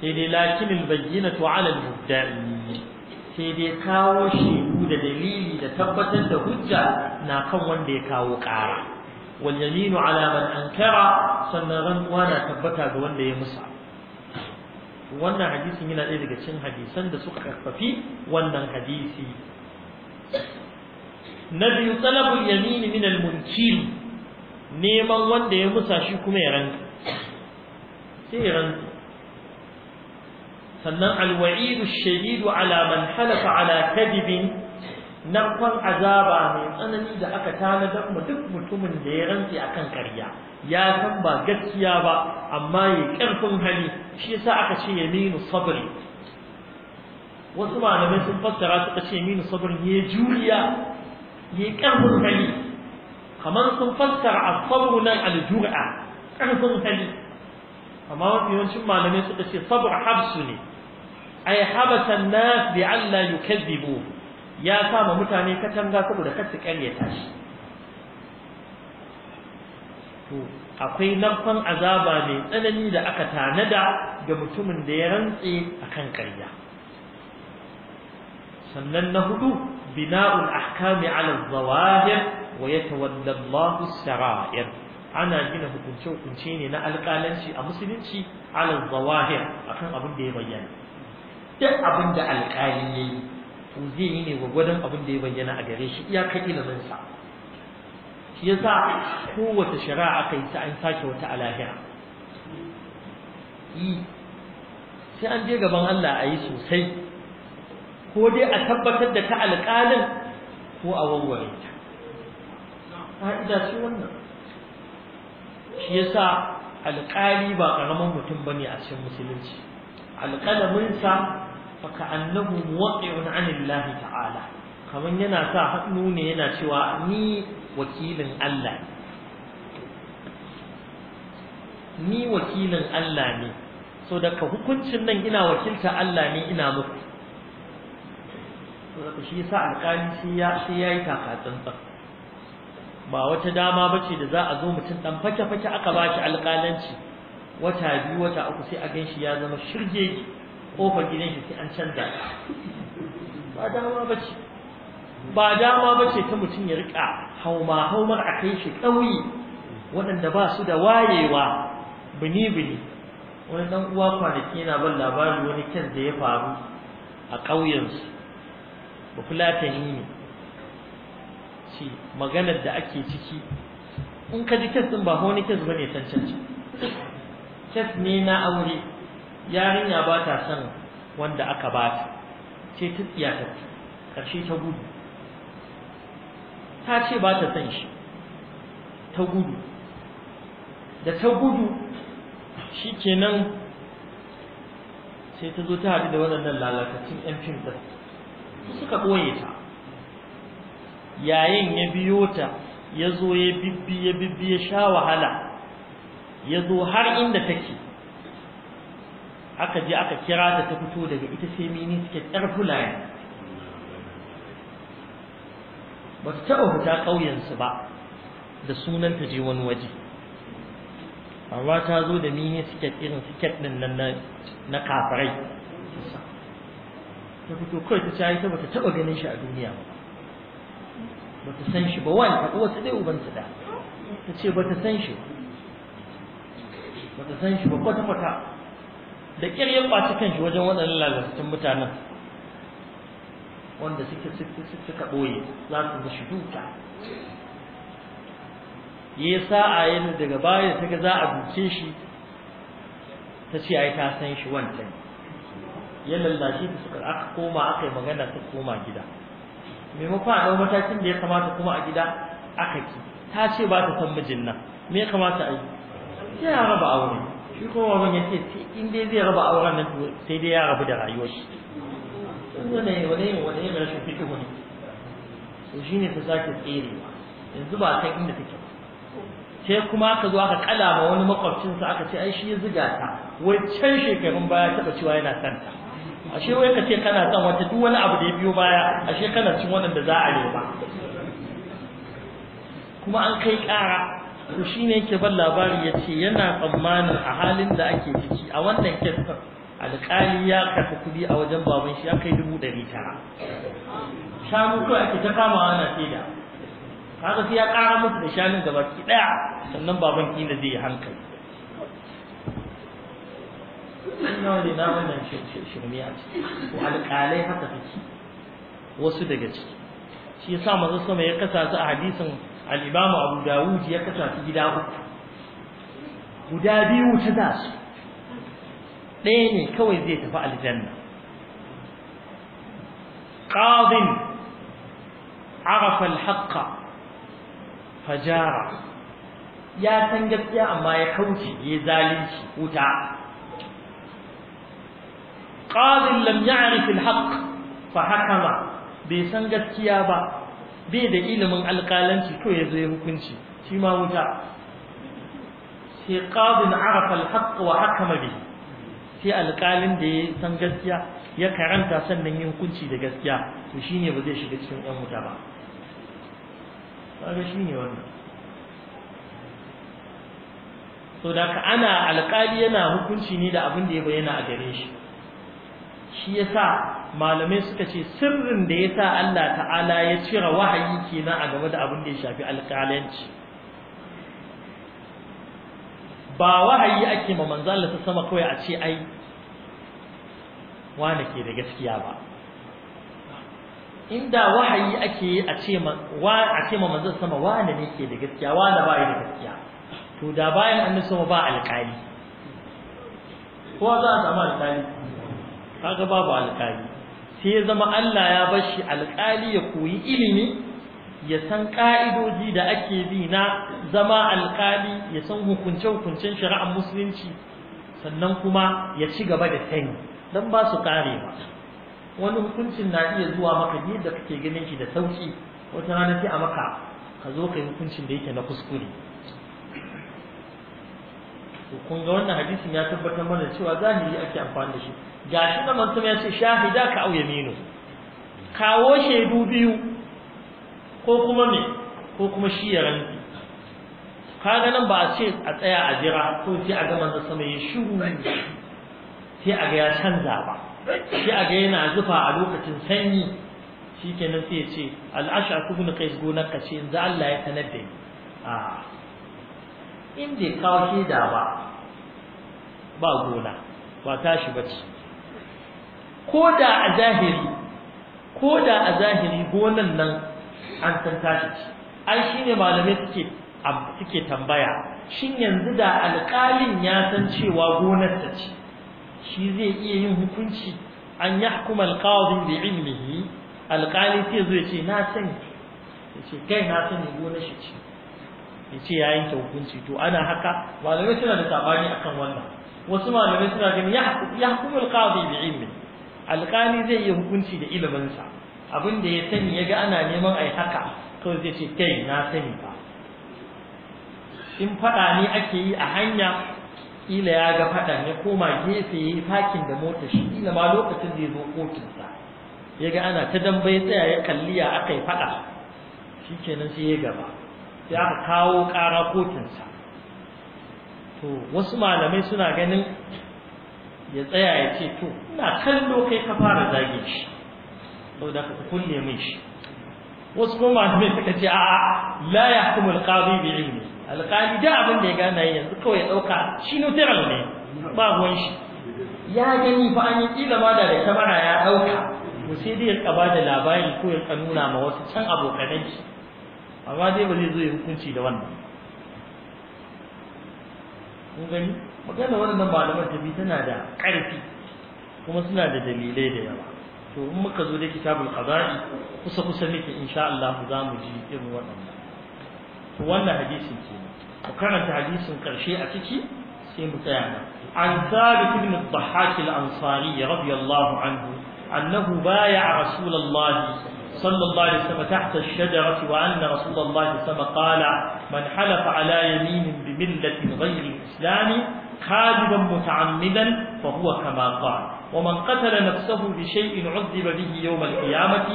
sai dai lakinil bayyinatu 'ala al-mubda'i sai dai kawo shaidu da dalili da tabbatar da hujja na kan wanda ya kawo ƙara wal yaminu ala man ankara sannan ranuwa na tabbata ga wanda ya musa wannan hadisin yana ɗaya daga cikin hadisan da suka karfafi wannan hadisi na biyu talabul yamini min al munkiri neman wanda ya musa shi kuma ya ranka. sai ya rantsu sannan alwa'idu shahidu ala man halafa ala kadibin kwan azaba mai tsanani da aka tanadar mu duk mutumin da ya rantsi akan karya ya san ba gaskiya ba amma ya karfin hali shi yasa aka ce yaminu sabri wasu malamai sun fassara suka ce yaminu sabri ya juriya ya karfin hali kamar sun fassara asabu nan aljur'a karfin hali amma mafi yawancin malamai suka ce sabr habsu ne ai habasa an-nas bi alla yukazzibu ya sama mutane katanga saboda kar su karyata shi to akwai nafan azaba mai tsanani da aka tanada ga mutumin da ya rantse akan karya sannan na hudu bina'ul ahkami ala zawahir wa yatawalla Allahu sarair ana gina hukunce hukunce ne na alƙalanci a musulunci ala zawahir akan abin da ya bayyana duk abin da alƙali ya yi to zai yi ne gwagwadon abin da ya bayyana a gare shi ilimin sa shi ya sa kowace shari'a aka yi ta an sake wata alahira yi sai an je gaban Allah a yi sosai ko dai a tabbatar da ta alƙalin ko a warware ta ka'ida shi wannan shi yasa alƙali ba ƙaramin mutum ba ne a cikin musulunci alƙalaminsa فكأنه موقع عن الله تعالى kamar yana sa hannu ne yana cewa ni wakilin Allah ni wakilin Allah ne so daga hukuncin nan ina wakilta Allah ne ina muku so daga shi yasa alƙali shi ya shi yayi takatsantsan ba wata dama bace da za a zo mutum dan fake fake aka ba shi alƙalanci wata biyu wata uku sai a ganshi ya zama shirgege kofar gidan shi sai an canza ba dama ba ce ba dama ba ce ta mutum ya rika hauma haumar a kai shi ƙauye waɗanda ba su da wayewa bini bini wani ɗan uwa kwanaki yana ban labari wani kyan da ya faru a ƙauyensu ba fulatani ne ce maganar da ake ciki in ka ji kes ɗin ba wani kes ba ne can can kes ne na aure yarinya ba ta son wanda aka ba ta ce ta tsiya ta ƙarshe ta gudu ta ce ba ta son shi ta gudu da ta gudu shi kenan sai ta zo ta hadu da waɗannan lalakacin 'yan fim ɗin suka ɓoye ta yayin ya biyo ta ya zo ya bibbi ya bibbi ya sha wahala ya zo har inda take aka je aka kira ta ta fito daga ita sai mini suke ƙyar fulani ba ta taɓa fita ƙauyensu ba da sunan ta je wani waje amma ta zo da mini suke irin suke ɗin nan na kafirai ta fito kawai ta cayi ta ba ta taɓa ganin shi a duniya ba ba ta san shi ba wani ta wasu dai ubansu da ta ce ba ta san shi ba ta san shi ba kwata-kwata da kiryar ya kwaci kanshi wajen waɗannan lalatattun mutanen wanda suke suka ɓoye za su shi duka ya sa'a yin daga baya ta za a duke shi ta ce ai ta san shi wancan ya lallashi ta suka aka koma aka yi magana ta koma gida maimakon a ɗau matakin da ya kamata kuma a gida aka ki ta ce ba ta san mijin nan me ya kamata a yi ya raba aure shi ko wa ya ce in dai zai raba auren nan sai dai ya rabu da rayuwar shi wane wane wani ne rashin fiki wani to shi ne ta sake tsere yanzu ba san inda take sai kuma aka zo aka kala ma wani makwabcinsa aka ce ai shi ya ziga ta wancan shekarun baya taba cewa yana santa. ta ashe wai ka ce kana son wata duk wani abu da ya biyo baya ashe kana cin wannan da za a ba kuma an kai kara to ne yake ban labari ce yana tsammanin a halin da ake ciki a wannan kissa alƙali ya karfi kuɗi a wajen baban shi ya kai dubu ɗari tara shanu ko ake ta kama ana saida kaga sai ya ƙara musu da shanun da baki ɗaya sannan baban da zai yi hankali Ina wani na wannan shirmiya ce alƙalai haka take wasu daga ciki shi yasa manzo sama ya kasa su a hadisin الإمام أبو داوود يكتب في كتابه مدابي وتداس لين كوي زيت فعل الجنة قاض عرف الحق فجار يا سنجب يا أما يحوشي يكوشي يزالي وتع قاض لم يعرف الحق فحكم بسنجت يا با bai da ilimin alƙalanci to ya zai hukunci shi ma wuta sai qadin arafa alhaq wa hakama bi sai alƙalin da ya san gaskiya ya karanta sannan yin hukunci da gaskiya to shine ba zai shiga cikin ɗan wuta ba kaga shine wannan so da ana alƙali yana hukunci ne da abin da ya bayyana a gare shi shi yasa malamai suka ce sirrin da yasa Allah ta'ala ya cire wahayi kenan a game da abin da ya shafi alƙalanci ba wahayi ake ma manzo Allah ta sama kawai a ce ai wani ke da gaskiya ba inda wahayi ake a ce ma wa a ce ma manzo sama wani ne ke da gaskiya wani ba da gaskiya to da bayan annabi sama ba alƙali ko za a samu alƙali kaga babu alƙali sai ya zama Allah ya bar shi alƙali ya koyi ilimi ya san ka'idoji da ake bi na zama alƙali ya san hukunce-hukuncen shari'ar musulunci sannan kuma ya ci gaba da sani don ba su kare ba wani hukuncin na iya zuwa maka da kake ganin shi da sauki wata rana sai a maka ka zo ka yi hukuncin da yake na kuskure to kun ga wannan hadisin ya tabbatar mana cewa zahiri ake amfani da shi shi da mantum ya ce shahida ka au yaminu kawo shaidu biyu ko kuma me ko kuma shi ya rantsi kaga nan ba a ce a tsaya a jira ko sai a ga manzo sama ya shiru sai a ga ya canza ba sai a ga yana zufa a lokacin sanyi shikenan sai ya ce al'asha kubun qais gonar ka ce yanzu Allah ya sanar da ni a in dai kawo da ba ba gona ba tashi bace ko da a zahiri ko da a zahiri gonan nan an san tashi ce ai shine malamai suke suke tambaya shin yanzu da alƙalin ya san cewa gonar ta ce shi zai iya yin hukunci an yahkuma alqadi bi ilmihi alƙali sai zai ce na sani yace kai na sani gonar shi ce yace ya yanke hukunci to ana haka malamai suna da sabani akan wannan wasu malamai suna ganin ya hukumu alƙadi bi ilmi alqali zai yi hukunci da ilimin sa abin da ya sani yaga ana neman ai haka to zai ce kai na sani ba in fada ne ake yi a hanya Ila ya ga fada ne koma gefe yayi fakin da mota shi Ila ma lokacin zai zo kotun sa yaga ana ta dambe tsaya ya kalli ya akai fada shikenan sai ya gaba sai aka kawo kara kotun sa to wasu malamai suna ganin ya tsaya ya ce to ina kallo kai ka fara zage shi saboda ka kunne mai shi wasu kuma malamai suka ce a'a la yahkumul qadi bi ilmi alqali da abin da ya gana yanzu kawai ya dauka shi neutral ne ba ruwan shi ya gani fa an yi kila ma da mara ya ɗauka. to sai dai ya kaba da labari ko ya nuna ma wasu can abokanan shi amma dai ba zai zo ya hukunci da wannan kun gani magana wannan malaman tafi tana da ƙarfi kuma suna da dalilai da yawa to in muka zo da kitabul qada'i kusa kusa muke insha Allah za mu ji irin waɗannan to wannan hadisin ke ku karanta hadisin karshe a ciki sai mu tsaya nan an thabit ibn al-dhahhak al-ansari radiyallahu anhu annahu baya rasulullah صلى الله عليه وسلم تحت الشجرة وأن رسول الله صلى الله عليه وسلم قال من حلف على يمين بملة غير الإسلام خادبا متعمدا فهو كما قال ومن قتل نفسه بشيء عذب به يوم القيامة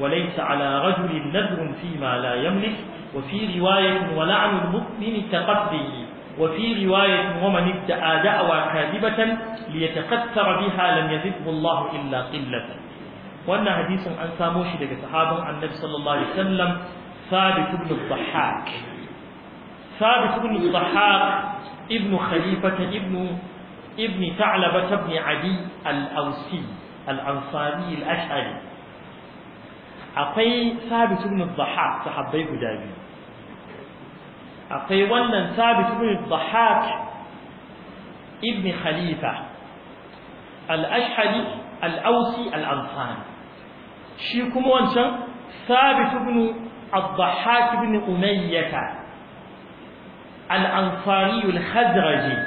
وليس على رجل نذر فيما لا يملك وفي رواية ولعن المؤمن كقتله وفي رواية ومن ادعى دعوى كاذبة ليتكثر بها لم يذبه الله إلا قلة wannan hadisin an samo shi daga sahabban annabi sallallahu alaihi wasallam ثابت بن الضحاك ثابت بن الضحاك ابن خليفة ابن ابن ثعلبة بن عدي الأوسي الأنصاري الأشعري akwai sabitu ibn dhahak sahabbai guda biyu akwai wannan sabitu ibn dhahak ibn khalifa al-ashhali al-ausi al-ansari shi kuma wancan sabit ibn abdahak ibn umayyah al-ansari al-khazraji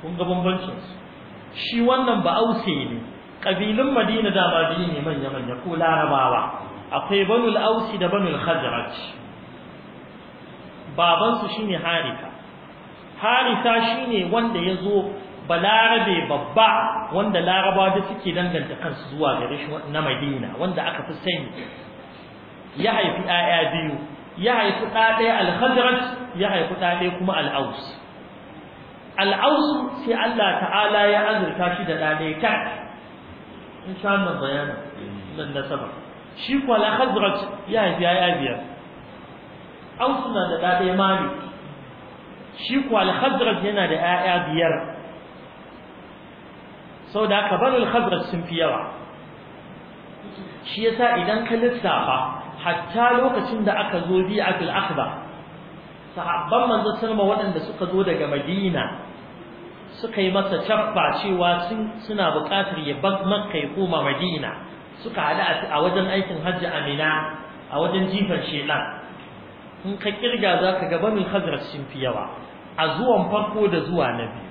kun ga bambancin shi wannan ba ne kabilun madina da madina ne manya manya ko larabawa akwai banul ausi da banul khazraj baban su shine harika harita shine wanda yazo balarabe babba wanda laraba da suke danganta kansu zuwa gare shi na madina wanda aka fi sani ya haifi ɗaya biyu ya haifi ɗaya al-khazraj ya haifi ɗaya kuma al-aus al-aus sai Allah ta'ala ya azurta shi da ɗaya ta. in sha Allah bayana nan da sama shi kuwa al-khazraj ya haifi ɗaya biyar aus na da ɗaya mali shi kuwa al-khazraj yana da ɗaya biyar saboda haka barin khazraj sun fi yawa shi yasa idan ka lissafa hatta lokacin da aka zo biyu a fil'akba akhba sahabban manzo sallama waɗanda suka zo daga madina suka yi masa tabba cewa suna buƙatar ya bar makka ya koma madina suka hada a wajen aikin hajji amina a wajen jifar shelan in ka ƙirga za ka ga banin hazrat sun fi yawa a zuwan farko da zuwa na biyu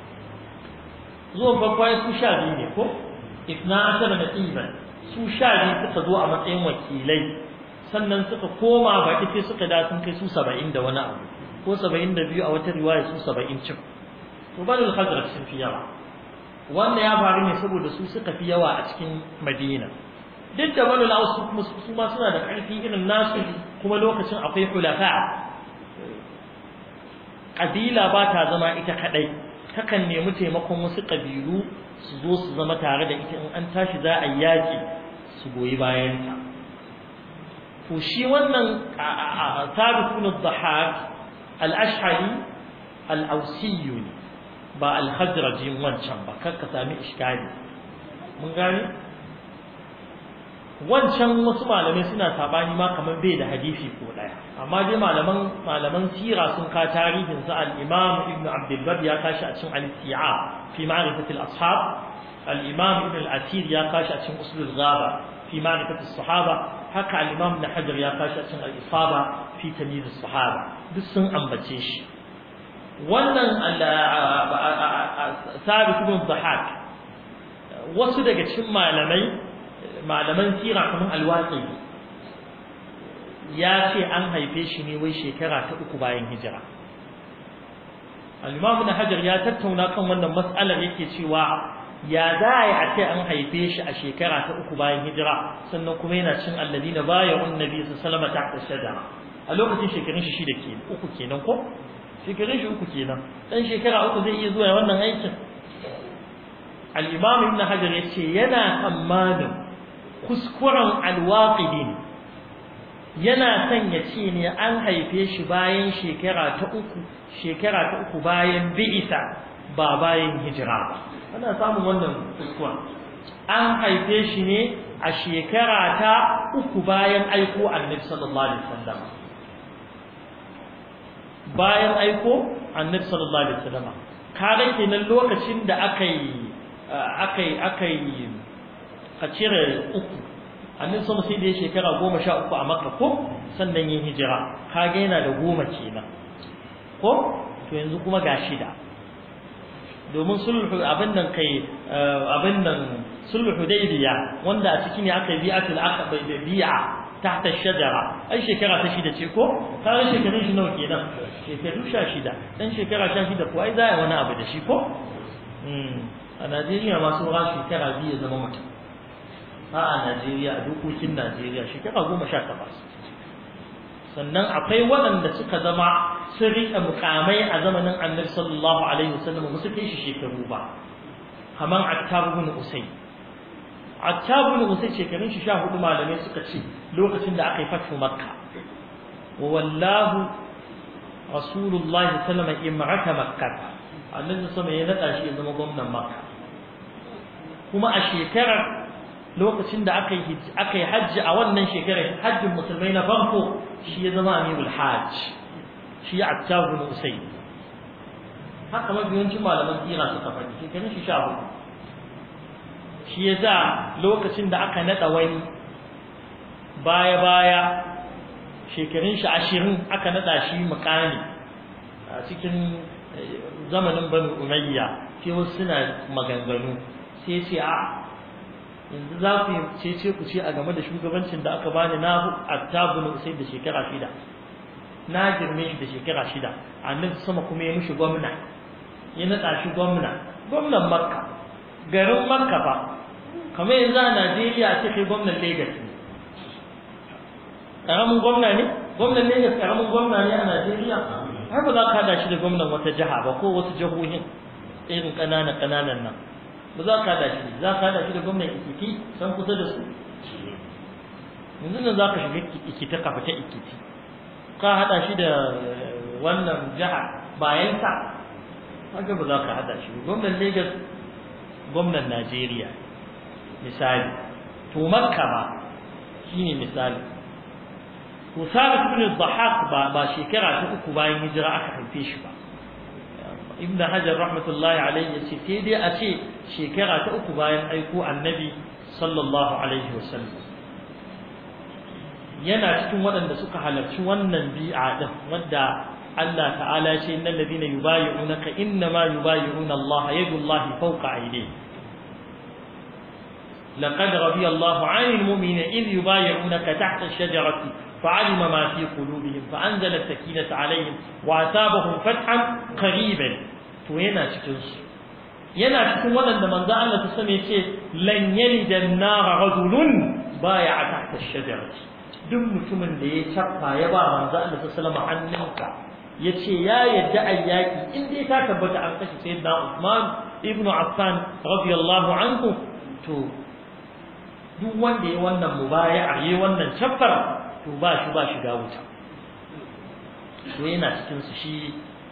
zuwan farko ya su sha biyu ne ko ifna ashara na iman su sha biyu suka zo a matsayin wakilai sannan suka koma baki sai suka da sun kai su saba'in da wani abu ko saba'in da biyu a wata riwaya su saba'in cin to badul hajjar sun fi yawa wannan ya faru ne saboda su suka fi yawa a cikin madina duk da badul aus kuma su ma suna da ƙarfi irin nasu kuma lokacin akwai hulafa ƙabila ba ta zama ita kadai takan nemi taimakon wasu ƙabilu su zo su zama tare da ita in an tashi za a yaƙi su goyi bayanta to shi wannan tarikun al-dhahak al-ash'ari al ne ba al wancan ba kakka sami iskali mun gane wancan wasu malamai suna saɓani ma kamar bai da hadisi ko ɗaya. amma dai malaman malaman sira sun ka tarihin sa al-Imam Ibn Abdul Barr ya kashi a cikin al-Si'a fi ma'rifati al-ashab al-Imam Ibn al-Athir ya kashi a cikin usul al-Ghaba fi ma'rifati as-sahaba haka al-Imam Ibn Hajar ya kashi a cikin al-Isaba fi tamyiz as-sahaba duk sun ambace shi wannan Sabit ibn Dhahak wasu daga cikin malamai malaman sira kuma al-Waqidi ya ce an haife shi ne wai shekara ta uku bayan hijira al na hajar ya tattauna kan wannan mas'alar yake cewa ya za a yi ce an haife shi a shekara ta uku bayan hijira sannan kuma yana cin alladina baya annabi sallallahu su salama ta shajara a lokacin shekarun shi shida ke uku kenan ko shekarun shi uku kenan dan shekara uku zai iya zuwa wannan aikin al na Hajar ya ce yana tsammanin kuskuren al ne yana son ya ce ne an haife shi bayan shekara ta uku shekara ta uku bayan bi'isa ba bayan hijira ba ana samun wannan kuskuren an haife shi ne a shekara ta uku bayan aiko annabi sallallahu alaihi wasallam bayan aiko annabi sallallahu alaihi wasallam kaga kenan lokacin da aka yi aka yi aka yi a cire uku annabi sun sai da ya shekara goma sha uku a maka ko sannan yin hijira ka yana da goma kenan ko to yanzu kuma ga shida domin sulhu abin nan kai eh, abin nan sulhu hudaybiya wanda a cikin ne aka yi da biya ta ta shajara ai shekara ta shida ce ko kawai shekarun shi nawa kenan shekaru sha shida dan shekara sha shida ko ai za a yi wani abu da shi ko hmm. a Najeriya masu ra shekara biyu zama mutum Ba a Najeriya a dokokin Najeriya shekara goma sha takwas sannan akwai waɗanda suka zama sun riƙe mukamai a zamanin annar, sallallahu alaihi wasallam ba su kai shi shekaru ba kamar Attab ibn Usay Attab shekarun shi sha hudu malamai suka ce lokacin da aka yi fatu Makka wallahu rasulullahi sallama imrata makkah annabi sama ya nada shi ya zama gwamnan makka kuma a shekarar lokacin da aka yi aka hajji a wannan shekarar hajjin musulmai na farko shi ya zama amirul hajj shi ya attabu bin usayd haka mafi yawancin malaman tsira suka faɗi shekarun shi sha hudu shi ya za lokacin da aka naɗa wani baya-baya shekarun shi ashirin aka naɗa shi mukami a cikin eh, zamanin banu umayya sai wasu suna maganganu sai sai a yanzu za ku yi cece ku ce a game da shugabancin da aka bani na na usai da shekara shida na girme shi da shekara shida A nan sama kuma ya mushi gwamna ya naɗa shi gwamna gwamnan makka garin makka fa kamar yanzu a najeriya ce kai gwamnan lagos ne ƙaramin gwamna ne gwamnan lagos ƙaramin gwamna ne a najeriya har ba za ka haɗa shi da gwamnan wata jiha ba ko wasu jihohin irin ƙananan ƙananan nan ba za ka dace ne za ka dace da gwamnan ikiti san kusa da su yanzu nan za ka shiga ikita kafa ta ikiti ka hada shi da eh, wannan jihar bayan sa haka ba za ka hada shi gwamnan Legas gwamnan Najeriya misali to Makka ba shine misali to Sabit ibn Dhahak ba ba shekara ta uku bayan hijira aka haife shi ba ibn hajar rahmatullahi alaihi ya ce sai dai a ce shekara ta uku bayan aiko annabi sallallahu alaihi wasallam yana cikin waɗanda suka halarci wannan bi'a din wadda Allah ta'ala ce innal ladina yubayyi'unaka innama yubayyi'una Allah yadullahi fawqa aydihim لقد رضي الله عن المؤمنين إذ يبايعونك تحت الشجرة فعلم ما في قلوبهم فأنزل السكينة عليهم وأثابهم فتحا قريبا وينا تكنس ينا تكون ولد من ذا الله تسمي شيء لن يلد النار رجل بايع تحت الشجرة دم متمن لي تبقى يبا من ذا الله تسلم عنك yace ya yadda a yaki in dai ta tabbata an kashe sayyidina Uthman ibn Affan radiyallahu anhu to duk wanda ya wannan mubaya'a yayi wannan chapter to ba shi ba shiga wuta to yana cikin su shi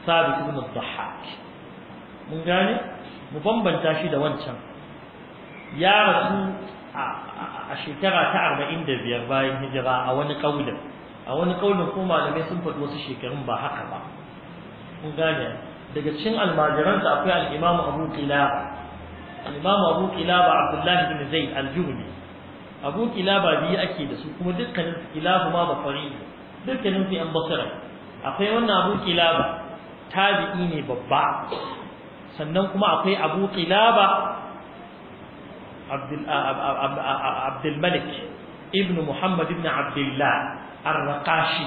sabit ibn dhahhak mun gane mu bambanta shi da wancan ya rasu a shekara ta 45 bayan hijira a wani kaulin a wani kaulin ko malamai sun faɗi wasu shekarun ba haka ba mun gane daga cikin almajiransa akwai al-Imam Abu Qilaba al-Imam Abu Qilaba Abdullah ibn Zaid al-Juhni abu kilaba biyu ake da su kuma dukkanin su kilabu ma bafari dukkanin su yan basira akwai wannan abu kilaba tabi'i ne babba sannan kuma akwai abu kilaba abdul malik ibn muhammad ibn abdullah ar-raqashi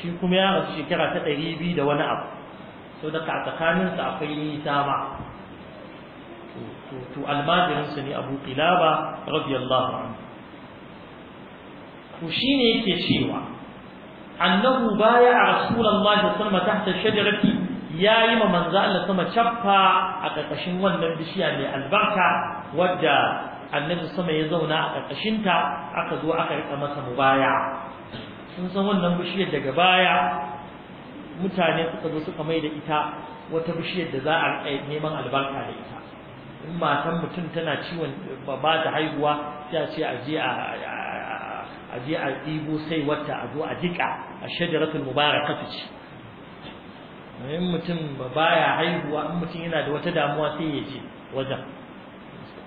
shi kuma ya rasu shekara ta ɗari biyu da wani abu sau da ka tsakaninsa akwai nisa ba to almajirinsa ne abu kilaba radiyallahu anhu to shine yake cewa annahu baya a rasulullahi sallallahu alaihi tahta shajarati yayi ma manzo Allah sama chaffa a karkashin wannan bishiya mai albarka wadda annabi sama ya zauna a karkashin ta aka zo aka rika masa mubaya sun san wannan bishiyar daga baya mutane suka zo suka mai da ita wata bishiyar da za a neman albarka da ita in matan mutum tana ciwon ba ta haihuwa sai a ce a je a a a dibo sai wata a zo a jiƙa a shajaratul mubarakah ce in mutum baya haihuwa in mutum yana da wata damuwa sai ya je wajen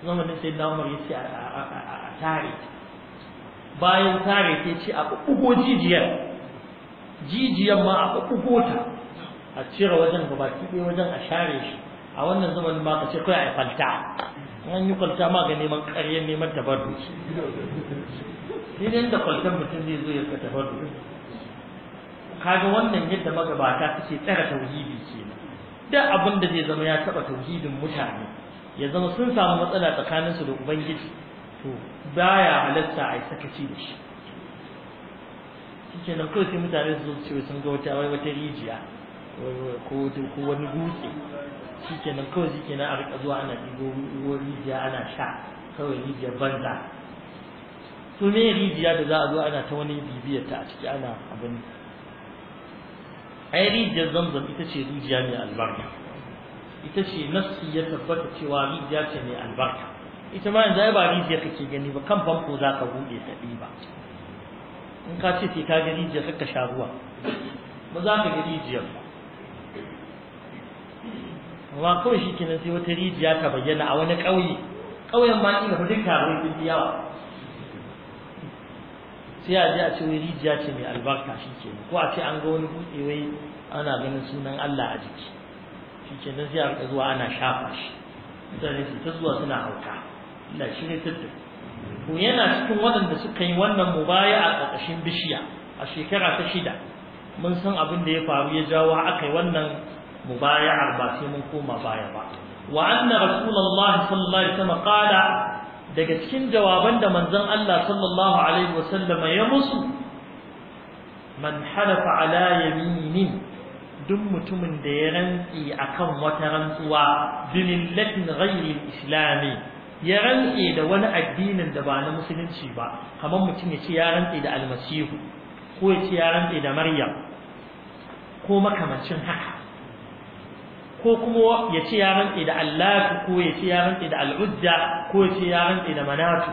zamanin sai da umar ya ce a tare bayan tare ta ce a ɓuɓɓugo jijiyar jijiyar ma a ɓuɓɓugo ta a cire wajen gabaki dai wajen a share shi a wannan zamanin ma ka ce kai a falta an yi kwalta ma ga neman ƙaryar neman tabarruci ne da kwalton mutum zai zo ya ka tafarru kaga wannan yadda magabata suke tsara tauhidi kenan da abin da zai zama ya taba tauhidin mutane ya zama sun samu matsala tsakaninsu da ubangiji to baya halatta a yi sakaci da shi shike nan kawai sai mutane su zo cewa sun ga wata wai wata rijiya ko wani dutse shike nan kawai shike nan a riƙa zuwa ana ɗigo rijiya ana sha kawai rijiyar banza su ne rijiya da za a zo ana ta wani bibiyar ta a ciki ana abin ai rijiyar zamzam ita ce rijiya mai albarka ita ce nassi ya tabbata cewa rijiya ce mai albarka ita ma yanzu ai ba rijiya kake gani ba kan famfo za ka buɗe ta ba in ka ce sai ka ga rijiyar ka sha ruwa ba za ka ga rijiyar ba ba kawai shi kenan sai wata rijiya ta bayyana a wani ƙauye ƙauyen ma ina ba duk taron yawa sai a je a ce wai rijiya ce mai albarka shi ke ko a ce an ga wani buɗe wai ana ganin sunan Allah a jiki shi ke nan sai a rika zuwa ana shafa shi mutane su ta zuwa suna hauka ina ne tattu ko yana cikin waɗanda suka yi wannan mubaya a ƙarƙashin bishiya a shekara ta shida mun san abin da ya faru ya jawo aka yi wannan mubaya'ar ba sai mun koma baya ba wa anna rasulullahi sallallahu alaihi wasallam qala daga cikin jawaban da manzon Allah sallallahu alaihi wasallam ya musu man halafa ala yaminin duk mutumin da ya rantsi akan wata rantsuwa bimillatin ghairi islami ya rantsi da wani addinin da ba na musulunci ba kamar mutum ya ce ya rantsi da almasihu ko ya ce ya rantsi da maryam ko makamancin haka ko kuma ya ce ya rantse da Allah ko ya ce ya rantse da al'uzza ko ya ce ya rantse da manatu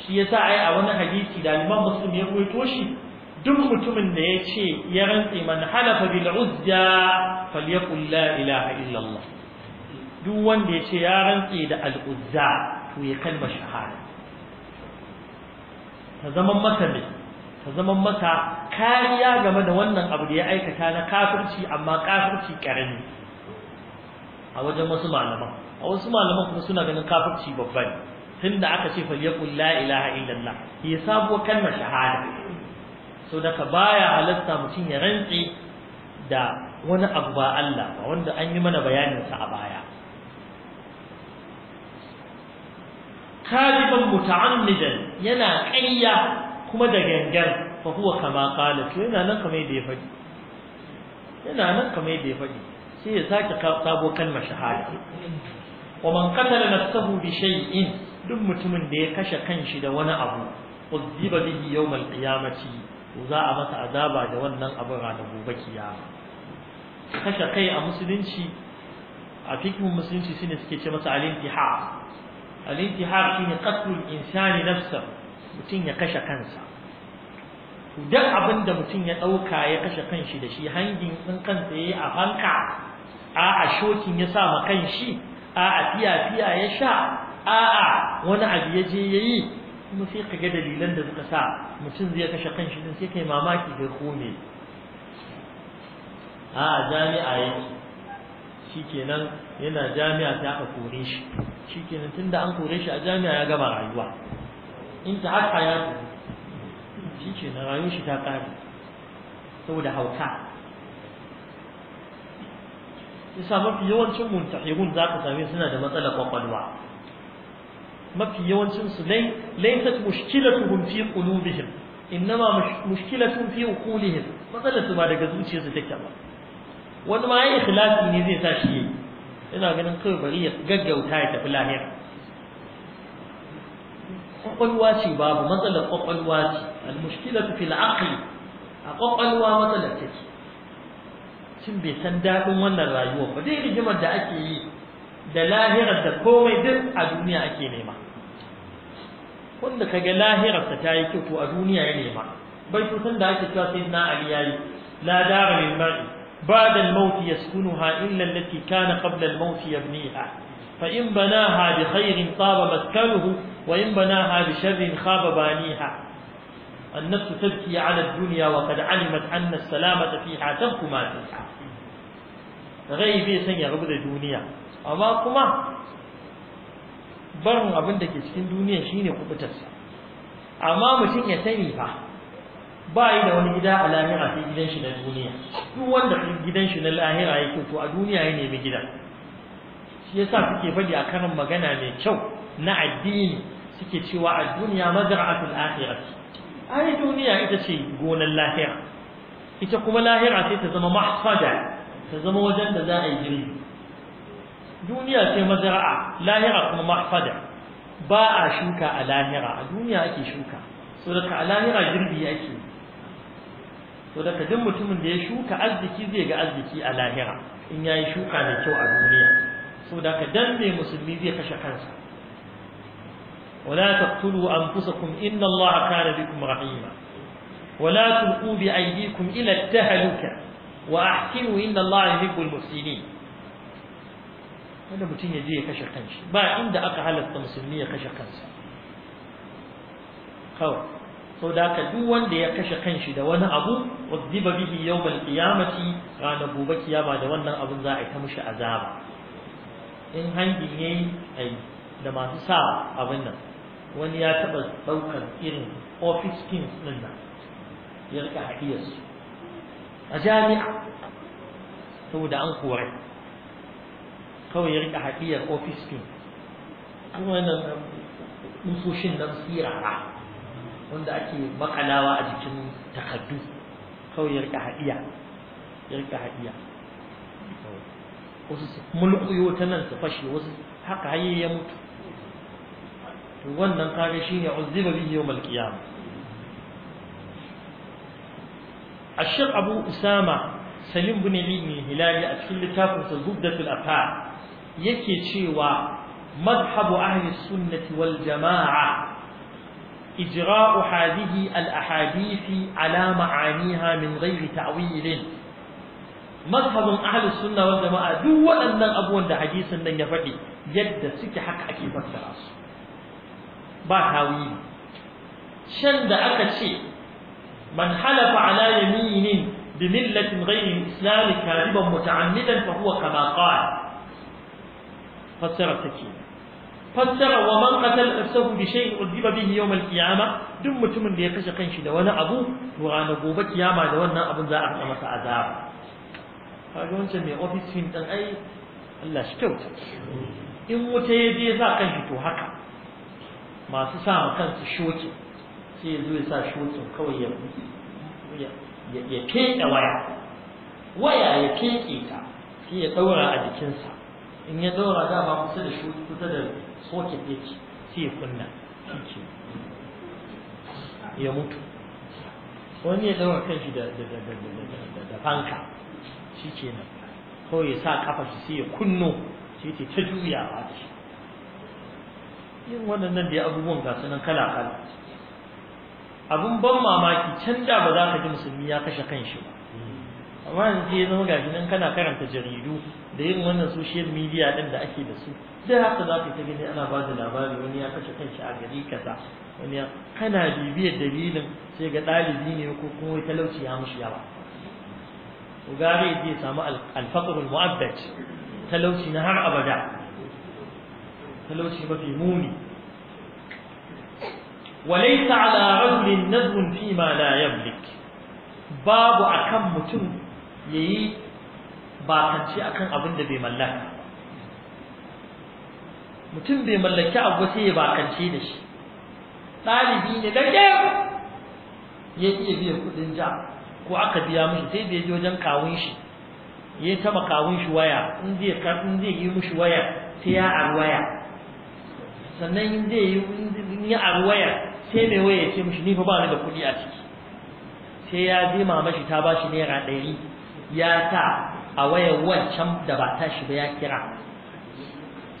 shi yasa ai a wani hadisi da Imam Muslim ya koyo shi duk mutumin da ya ce ya rantse man halafa bil uzza falyakul la ilaha illa Allah duk wanda ya ce ya rantse da al uzza to ya kalma shahada ta zaman masa ne. Ka zama maka, kariya game da wannan abu da ya aikata na kafirci amma kafirci karami a wajen wasu malaman a wasu malaman kuma suna ganin kafirci babba ne tun da aka ce falyakul la ilaha illallah ya sabuwar kalmar shahada so daga baya halatta mutum ya rantse da wani abu ba Allah ba wanda an yi mana bayanin sa a baya kadiban muta'ammidan yana ƙarya kuma da gangan fa huwa kama qala to yana nan kamar yadda ya faɗi yana nan kamar yadda ya faɗi sai ya sake sabo kalmar shahada wa man qatala nafsahu bi shay'in duk mutumin da ya kashe kanshi da wani abu uzziba bihi yawmal qiyamati za a masa azaba da wannan abin ranar gobe kiyama kashe kai a musulunci a fikin musulunci shine suke ce masa al-intihar al-intihar shine qatlul insani nafsahu mutum ya kashe kansa duk abin da mutum ya ɗauka ya kashe kanshi da shi hangin ɗin kansa ya yi a fanka a a shokin ya sa ma kanshi a a fiya fiya ya sha a a wani abu ya je ya yi kuma sai ka ga dalilan da suka sa mutum zai kashe kanshi din sai kai mamaki ga kome a jami'a yake shikenan yana jami'a ta aka kore shi tun da an kore shi a jami'a ya gama rayuwa in ta har hayatu shi ke na rayuwar shi ta ƙare saboda hauka Isa mafi yawancin muntahirun za ka same suna da matsala kwakwalwa mafi yawancin su lai laysat mushkilatuhum fi qulubihim innama mushkilatun fi uqulihim matsala su ba daga su take ba wani ma ya ikhlasi ne zai sa shi ina ganin kai bari ya gaggauta ya tafi lahira kwakwalwa ce babu matsalar kwakwalwa ce almushkilatu fil aqli a kwakwalwa matsalar take shin bai san daɗin wannan rayuwar ba dai rigimar da ake yi da lahirar da komai duk a duniya ake nema wanda kaga lahirarsa ta yi kyau to a duniya ya nema bai kusan da ake cewa sai na ali yayi la dara lil mar'i ba'da al-maut yaskunuha illa allati kana qabla al-maut yabniha fa in banaha bi khairin taba maskanuhu وإن بناها بشر خاب بانيها النفس تبكي على الدنيا وقد علمت أن السلامة فيها تبكو ما فيها غيبي سنة غبر الدنيا أما كما barin abin da ke cikin duniya shine kubutarsa amma mutum ya sani ba yi da wani gida a lahira sai gidan shi na duniya duk wanda gidan shi na lahira yake to a duniya ya nemi gida shi kuke faɗi a karin magana mai kyau na addini suke cewa a duniya mazra'atul akhirati ai duniya ita ce gonan lahira ita kuma lahira sai ta zama mahfada ta zama wajen da za a yi girbi duniya ce mazra'a lahira kuma mahfada ba a shuka a lahira a duniya ake shuka so daga a lahira girbi ake so daga duk mutumin da ya shuka arziki zai ga arziki a lahira in ya yi shuka mai kyau a duniya so ka dan mai musulmi zai kashe kansa ولا تقتلوا أنفسكم إن الله كان بكم رحيما ولا تلقوا بأيديكم إلى التهلكة وأحسنوا إن الله يحب المحسنين wanda mutum ya je ya kashe kanshi ba inda aka halatta musulmi ya kashe kansa kawai sau da haka duk wanda ya kashe kanshi da wani abu wazziba bihi yawmal qiyamati ranar gobe kiyama da wannan abun za a yi ta mushi azaba in hangin yayi ai da masu sa abin nan wani ya taɓa ɗaukar irin office kings ɗin nan ya rika haɗiyarsu a jami'a saboda an kore kawai ya rika haɗiyar office king kuma wannan nufoshin nan sirara wanda ake makalawa a jikin takaddu kawai ya rika haɗiya ya rika haɗiya wasu mulkuyo ta nan su fashe wasu haka haye ya mutu to wannan kage shine uzziba bihi yawm al-qiyam ashir abu usama salim bin ibn hilali a cikin littafin sa zubdat al-afa yake cewa madhhab ahli sunnati wal jamaa ijra'u hadhihi al-ahadithi ala ma'aniha min ghayri ta'wil ahli أهل السنة والجماعة دو waɗannan abubuwan da حديث nan ya faɗi yadda suke أكيد ake أصلا ba tawili shan da aka ce man halafa ala yaminin bi millatin ghayri islam kadiban muta'ammidan fa huwa kama qala fassara take fassara wa man qatal nafsahu bi shay'in udiba bihi yawm al-qiyamah duk mutumin da ya kashe kanshi da wani abu to ranar gobe kiyama da wannan abun za a rika masa azab kaga wancan mai office din dan ai Allah shi kyauta in wuta ya je sa kanshi to haka masu sa kansu shoki sai ya zo ya sa shokin kawai ya ya feɗe waya waya ya feƙe ta sai ya ɗaura a jikinsa in ya ɗaura dama kusa da shoki kusa da soket ci sai ya kunna ya mutu wani ya ɗaura kanshi da fanka shi kenan kawai ya sa kafa shi sai ya kunno sai ta juyawa da yin waɗannan da abubuwan gasu nan kala kala abun ban mamaki can da ba za ka ji musulmi ya kashe kanshi ba amma yanzu ya zama gashi nan kana karanta jaridu da yin wannan social media din da ake da su sai haka za ka ta gani ana ba da labari wani ya kashe kanshi a gari kaza wani ya kana bibiyar dalilin sai ga ɗalibi ne ko kuma talauci ya mushi yawa gare zai samu alfaqrul mu'abbad talauci na har abada talauci mafi muni وليس على رجل na فيما babu يملك باب akan mutum yayi bakance akan abin da bai mallaka mutum bai mallaki abu sai ya bakance da shi ɗalibi ne da ke ya iya biyan kuɗin ja ko aka biya mishi sai da ya wajen kawun shi ya taba kawun shi waya in zai yi mishi waya sai ya arwaya sannan in zai yi in ya arwaya sai mai waya ya ce mishi ni fa ba ni da kuɗi a ciki sai ya je mama shi ta bashi naira ɗari ya sa a wayar wancan da ba ta shi ba ya kira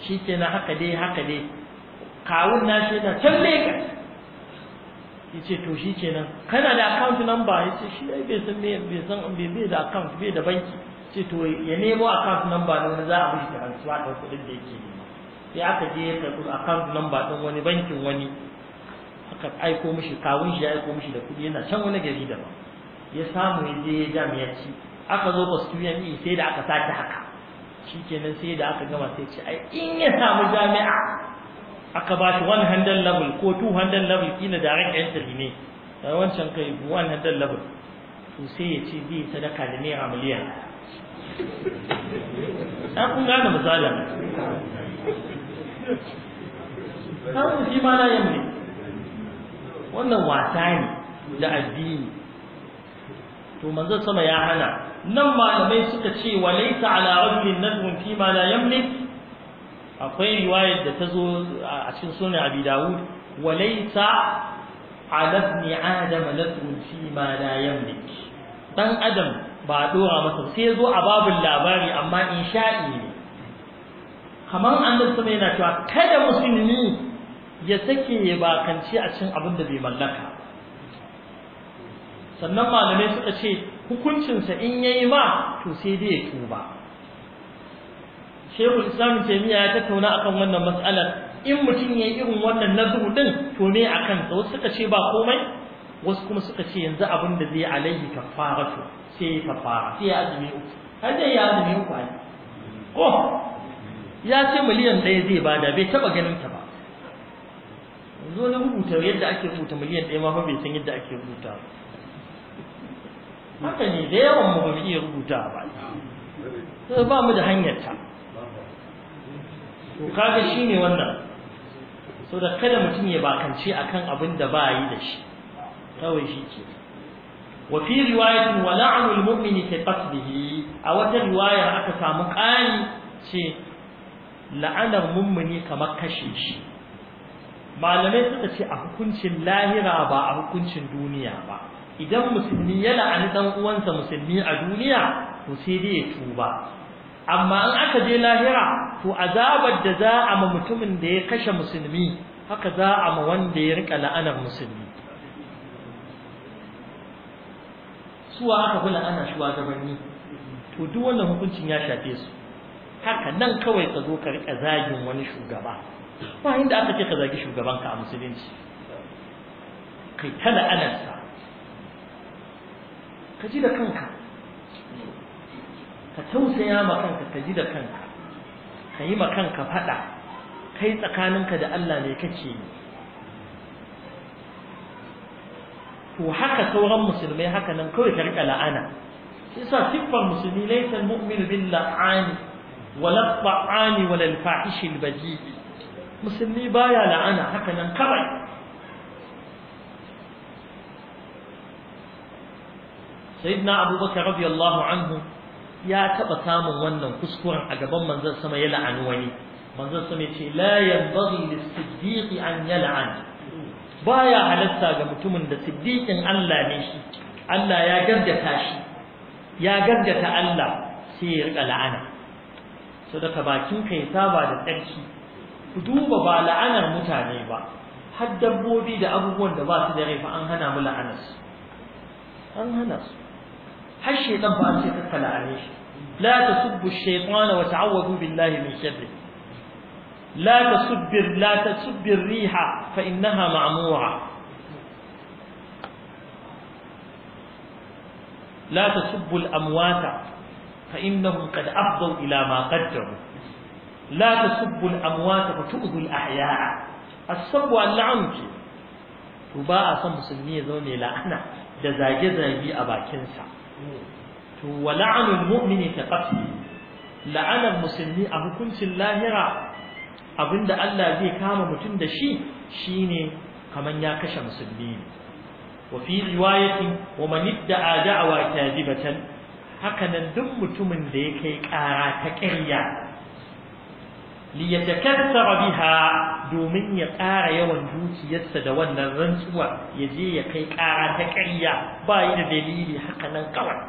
shi ke na haka dai haka dai kawun na shi na can lagos ya ce to shi ke nan kana da account number ya ce shi bai san bai san bai da account bai da banki ce to ya nemo account number na wani za a mishi transfer da kuɗin da yake yi sai aka je ya karɓi account number ɗin wani bankin wani aka aiko mishi kawun shi ya aiko mishi da kuɗi yana can wani gari daban ya samu ya je ya jami'a ci aka zo constitution ɗin sai da aka sake haka shikenan sai da aka gama sai ce ai in ya samu jami'a aka ba shi 100 level ko 200 level kina rank entry ne wancan kai 100 level to sai ya ce zai sadaka da naira miliyan ta kun gane misalin kafin shi ma na yamma ne wannan wasa ne da addini to manzon sama ya hana nan malamai suka ce wa laysa ala rabbi nadhun fi ma la yamlik akwai riwayar da ta zo a cikin sunan abi dawud wa laysa ala ibn adam nadhun fi ma la yamlik dan adam ba dora masa sai zo a babin labari amma insha'i ne kamar da sama yana cewa kada musulmi ya sake ya bakance a cin abin da bai mallaka sannan malamai suka ce hukuncinsa in ya yi ma to sai dai ya tuba shehu Islam Taymiyyah ya tattauna akan wannan matsalar in mutum yayi irin wannan nazuru din to ne akan sa wasu suka ce ba komai wasu kuma suka ce yanzu abin da zai alaihi kafaratu sai kafara sai azumi uku har dai ya azumi uku ai ko oh! ya ce miliyan ɗaya zai bada bai taɓa ganin ta ba zo na rubuta yadda ake rubuta miliyan ɗaya ma fa bai san yadda ake rubuta ba haka ne da yawan mu bai iya rubuta ba sai ba mu da hanyar ta to kaga shine wannan so da kada mutum ya bakance akan abin da ba yi da shi kawai shi ke وفي رواية ولعن المؤمن في قتله fi qasdihi a wata riwaya aka samu ce la'anar mummuni kamar kashe shi malamai suka ce a hukuncin lahira ba a hukuncin duniya ba idan musulmi ya la'ani dan uwansa musulmi a duniya to sai dai ya tuba amma in aka je lahira to azabar da za a ma mutumin da ya kashe musulmi haka za a ma wanda ya rika la'anar musulmi suwa aka ana shuwa gabanni to duk wannan hukuncin ya shafe su haka nan kawai ka zo ka rika zagin wani shugaba ba inda aka ce ka zagi shugabanka a musulunci kai ta la'anarsa ka ji da kanka ka tausaya ma kanka ka ji da kanka ka yi ma kanka faɗa kai tsakaninka da Allah ne kace ni Ko haka sauran musulmai haka nan kawai ka rika la'ana shi yasa siffar musulmi laysa mu'min bil la'ani wala ta'ani wala baji musulmi baya la'ana haka nan kawai sayyidina abubakar radiyallahu anhu ya taba samun wannan kuskuren a gaban manzon sama ya la'ani wani manzon sama ce la yanbaghi lis Siddiqi an yal'an baya halatta ga mutumin da siddiqin Allah ne shi Allah ya gaddata shi ya gaddata Allah sai ya rika la'ana so daga bakin ka ya saba da tsarki ku duba ba la'anar mutane ba har dabbobi da abubuwan da ba su da rai fa an hana mu la'anar su an hana su har shaytan ba an ce kakka la'ane shi la tasubbu ash wa ta'awwadu billahi min sharrihi لا تسب لا تسب الريح فإنها معمورة لا تسب الأموات فإنهم قد أفضوا إلى ما قدموا لا تسبوا الأموات فتؤذوا الأحياء السب اللعن to ba son musulmi ya zo la'ana da zage-zage a bakinsa to wa la'anul mu'mini ta qafi la'anar musulmi a hukuncin lahira abinda Allah zai kama mutum da shi shine kaman ya kashe musulmi wa fi riwayatin a man idda'a da'awa kadibatan haka nan duk mutumin da ya kai ƙara ta ƙirya liyatakassara biha domin ya ƙara yawan dukiyarsa da wannan rantsuwa ya je ya kai ƙara ta ƙirya ba yi da dalili haka nan kawai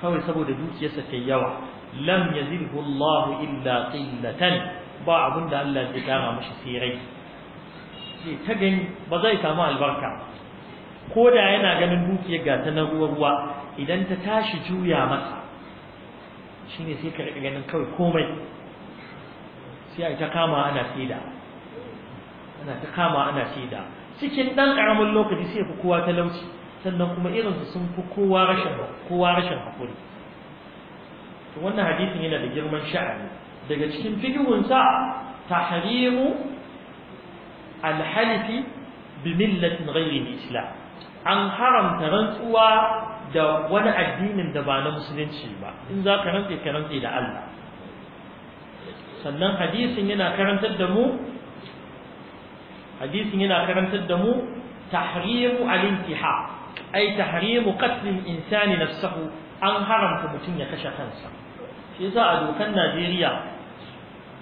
kawai saboda dukiyarsa ta yawa lam yazilhu Allah illa qillatan ba da Allah zai kara mashi sirai sai ta gani ba zai samu albarka ko da yana ganin dukiyar ga ta na ruwa ruwa idan ta tashi juya masa shine sai ka riga ganin kawai komai sai ai ta kama ana sida ana ta kama ana sida cikin dan karamin lokaci sai ku kowa talauci sannan kuma irin su sun fi kowa rashin kowa rashin hakuri to wannan hadisin yana da girman sha'ani daga cikin fikihun sa tahrimu alhalifi bi millatin ghairi islam an haramta rantsuwa da wani addinin da ba na musulunci ba in za ka rantse ka rantse da Allah sannan hadisin yana karantar da mu hadisin yana karantar da mu tahrimu al-intiha ay tahrimu qatl al-insani nafsuhu an haramta mutum ya kashe kansa shi yasa a dokan Najeriya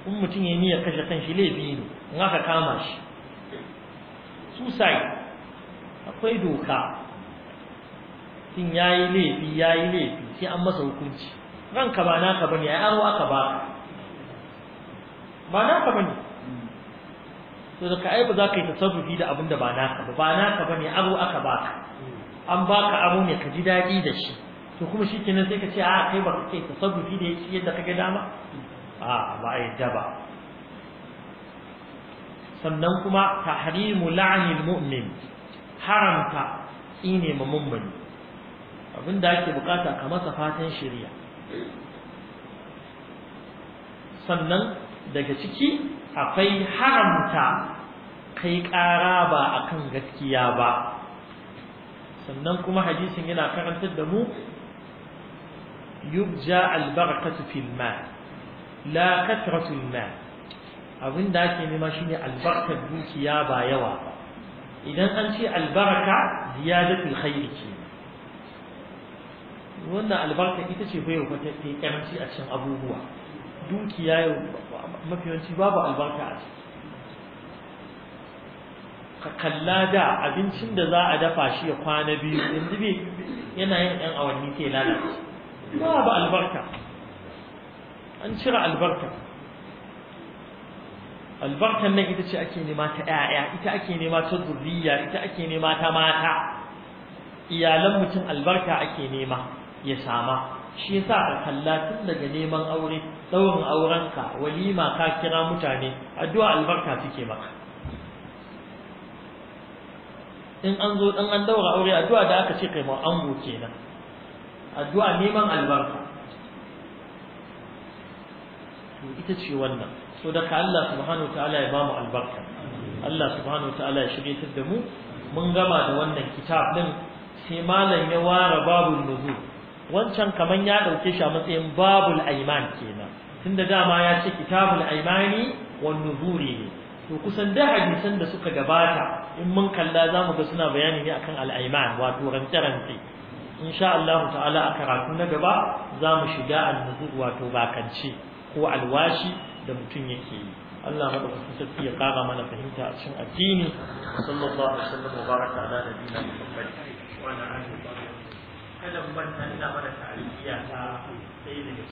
in mutum ya niyyar kashe kanshi laifi ne in aka kama shi suicide akwai doka ya yayi laifi yayi laifi sai an masa hukunci ranka ba naka bane ai aro aka ba ba naka bane to da ka ai ba za ka yi tasarrufi da abin da ba naka ba ba naka bane aro aka ba an baka abu ne ka ji dadi da shi to kuma shikenan sai ka ce a kai ba kake tasarrufi da shi yadda kage dama a ba ai daba sannan kuma tahrimu la'nil mu'min haramta ine ma mummuni abinda ake bukata ka masa fatan shirya sannan daga ciki akwai haramta kai ƙara ba a kan gaskiya ba sannan kuma hadisin yana karantar da mu yubja albarakatu fil ma la katratu al ma abinda ake nema shine albarkar dukiya ba yawa ba idan an ce albaraka ziyadatul khairi ce wannan albarka ita ce bai rufa ta ke karanci a cikin abubuwa dukiya mafi mafiyanci babu albarka a ciki ka kalla da abincin da za a dafa shi ya kwana biyu yanzu bai yana yin yan awanni ke lalata. babu albarka an cire albarka albarkan nan ita ce ake nema ta ƴaƴa ita ake nema ta zuriya ita ake nema ta mata iyalan mutum albarka ake nema ya sama shi yasa ka kalla tun daga neman aure tsawon aurenka walima ka kira mutane addu'a albarka suke maka in an zo dan an daura aure addu'a da aka ce kai ma go kenan addu'a neman albarka to ita ce wannan so daga Allah subhanahu wa ta'ala ya ba mu albarka Allah subhanahu wa ta'ala ya shirye da mu mun gama da wannan kitab din sai malam ya ware babul nuzul wancan kaman ya dauke shi a matsayin babul aiman kenan tunda dama ya ce kitabul aimani wan nuzuri ne to kusan da hadisan da suka gabata in mun kalla zamu ga suna bayani ne akan al aiman wato rance rance insha Allah ta'ala a karatu na gaba zamu shiga al nuzur wato bakance ko alwashi da mutum yake yi Allah madaukakin sarki ya kara mana fahimta a cikin addini sallallahu alaihi wasallam wa baraka ala nabiyina Muhammad wa ala alihi wa sahbihi kada mun banta ina mana ta'aliya ta sai da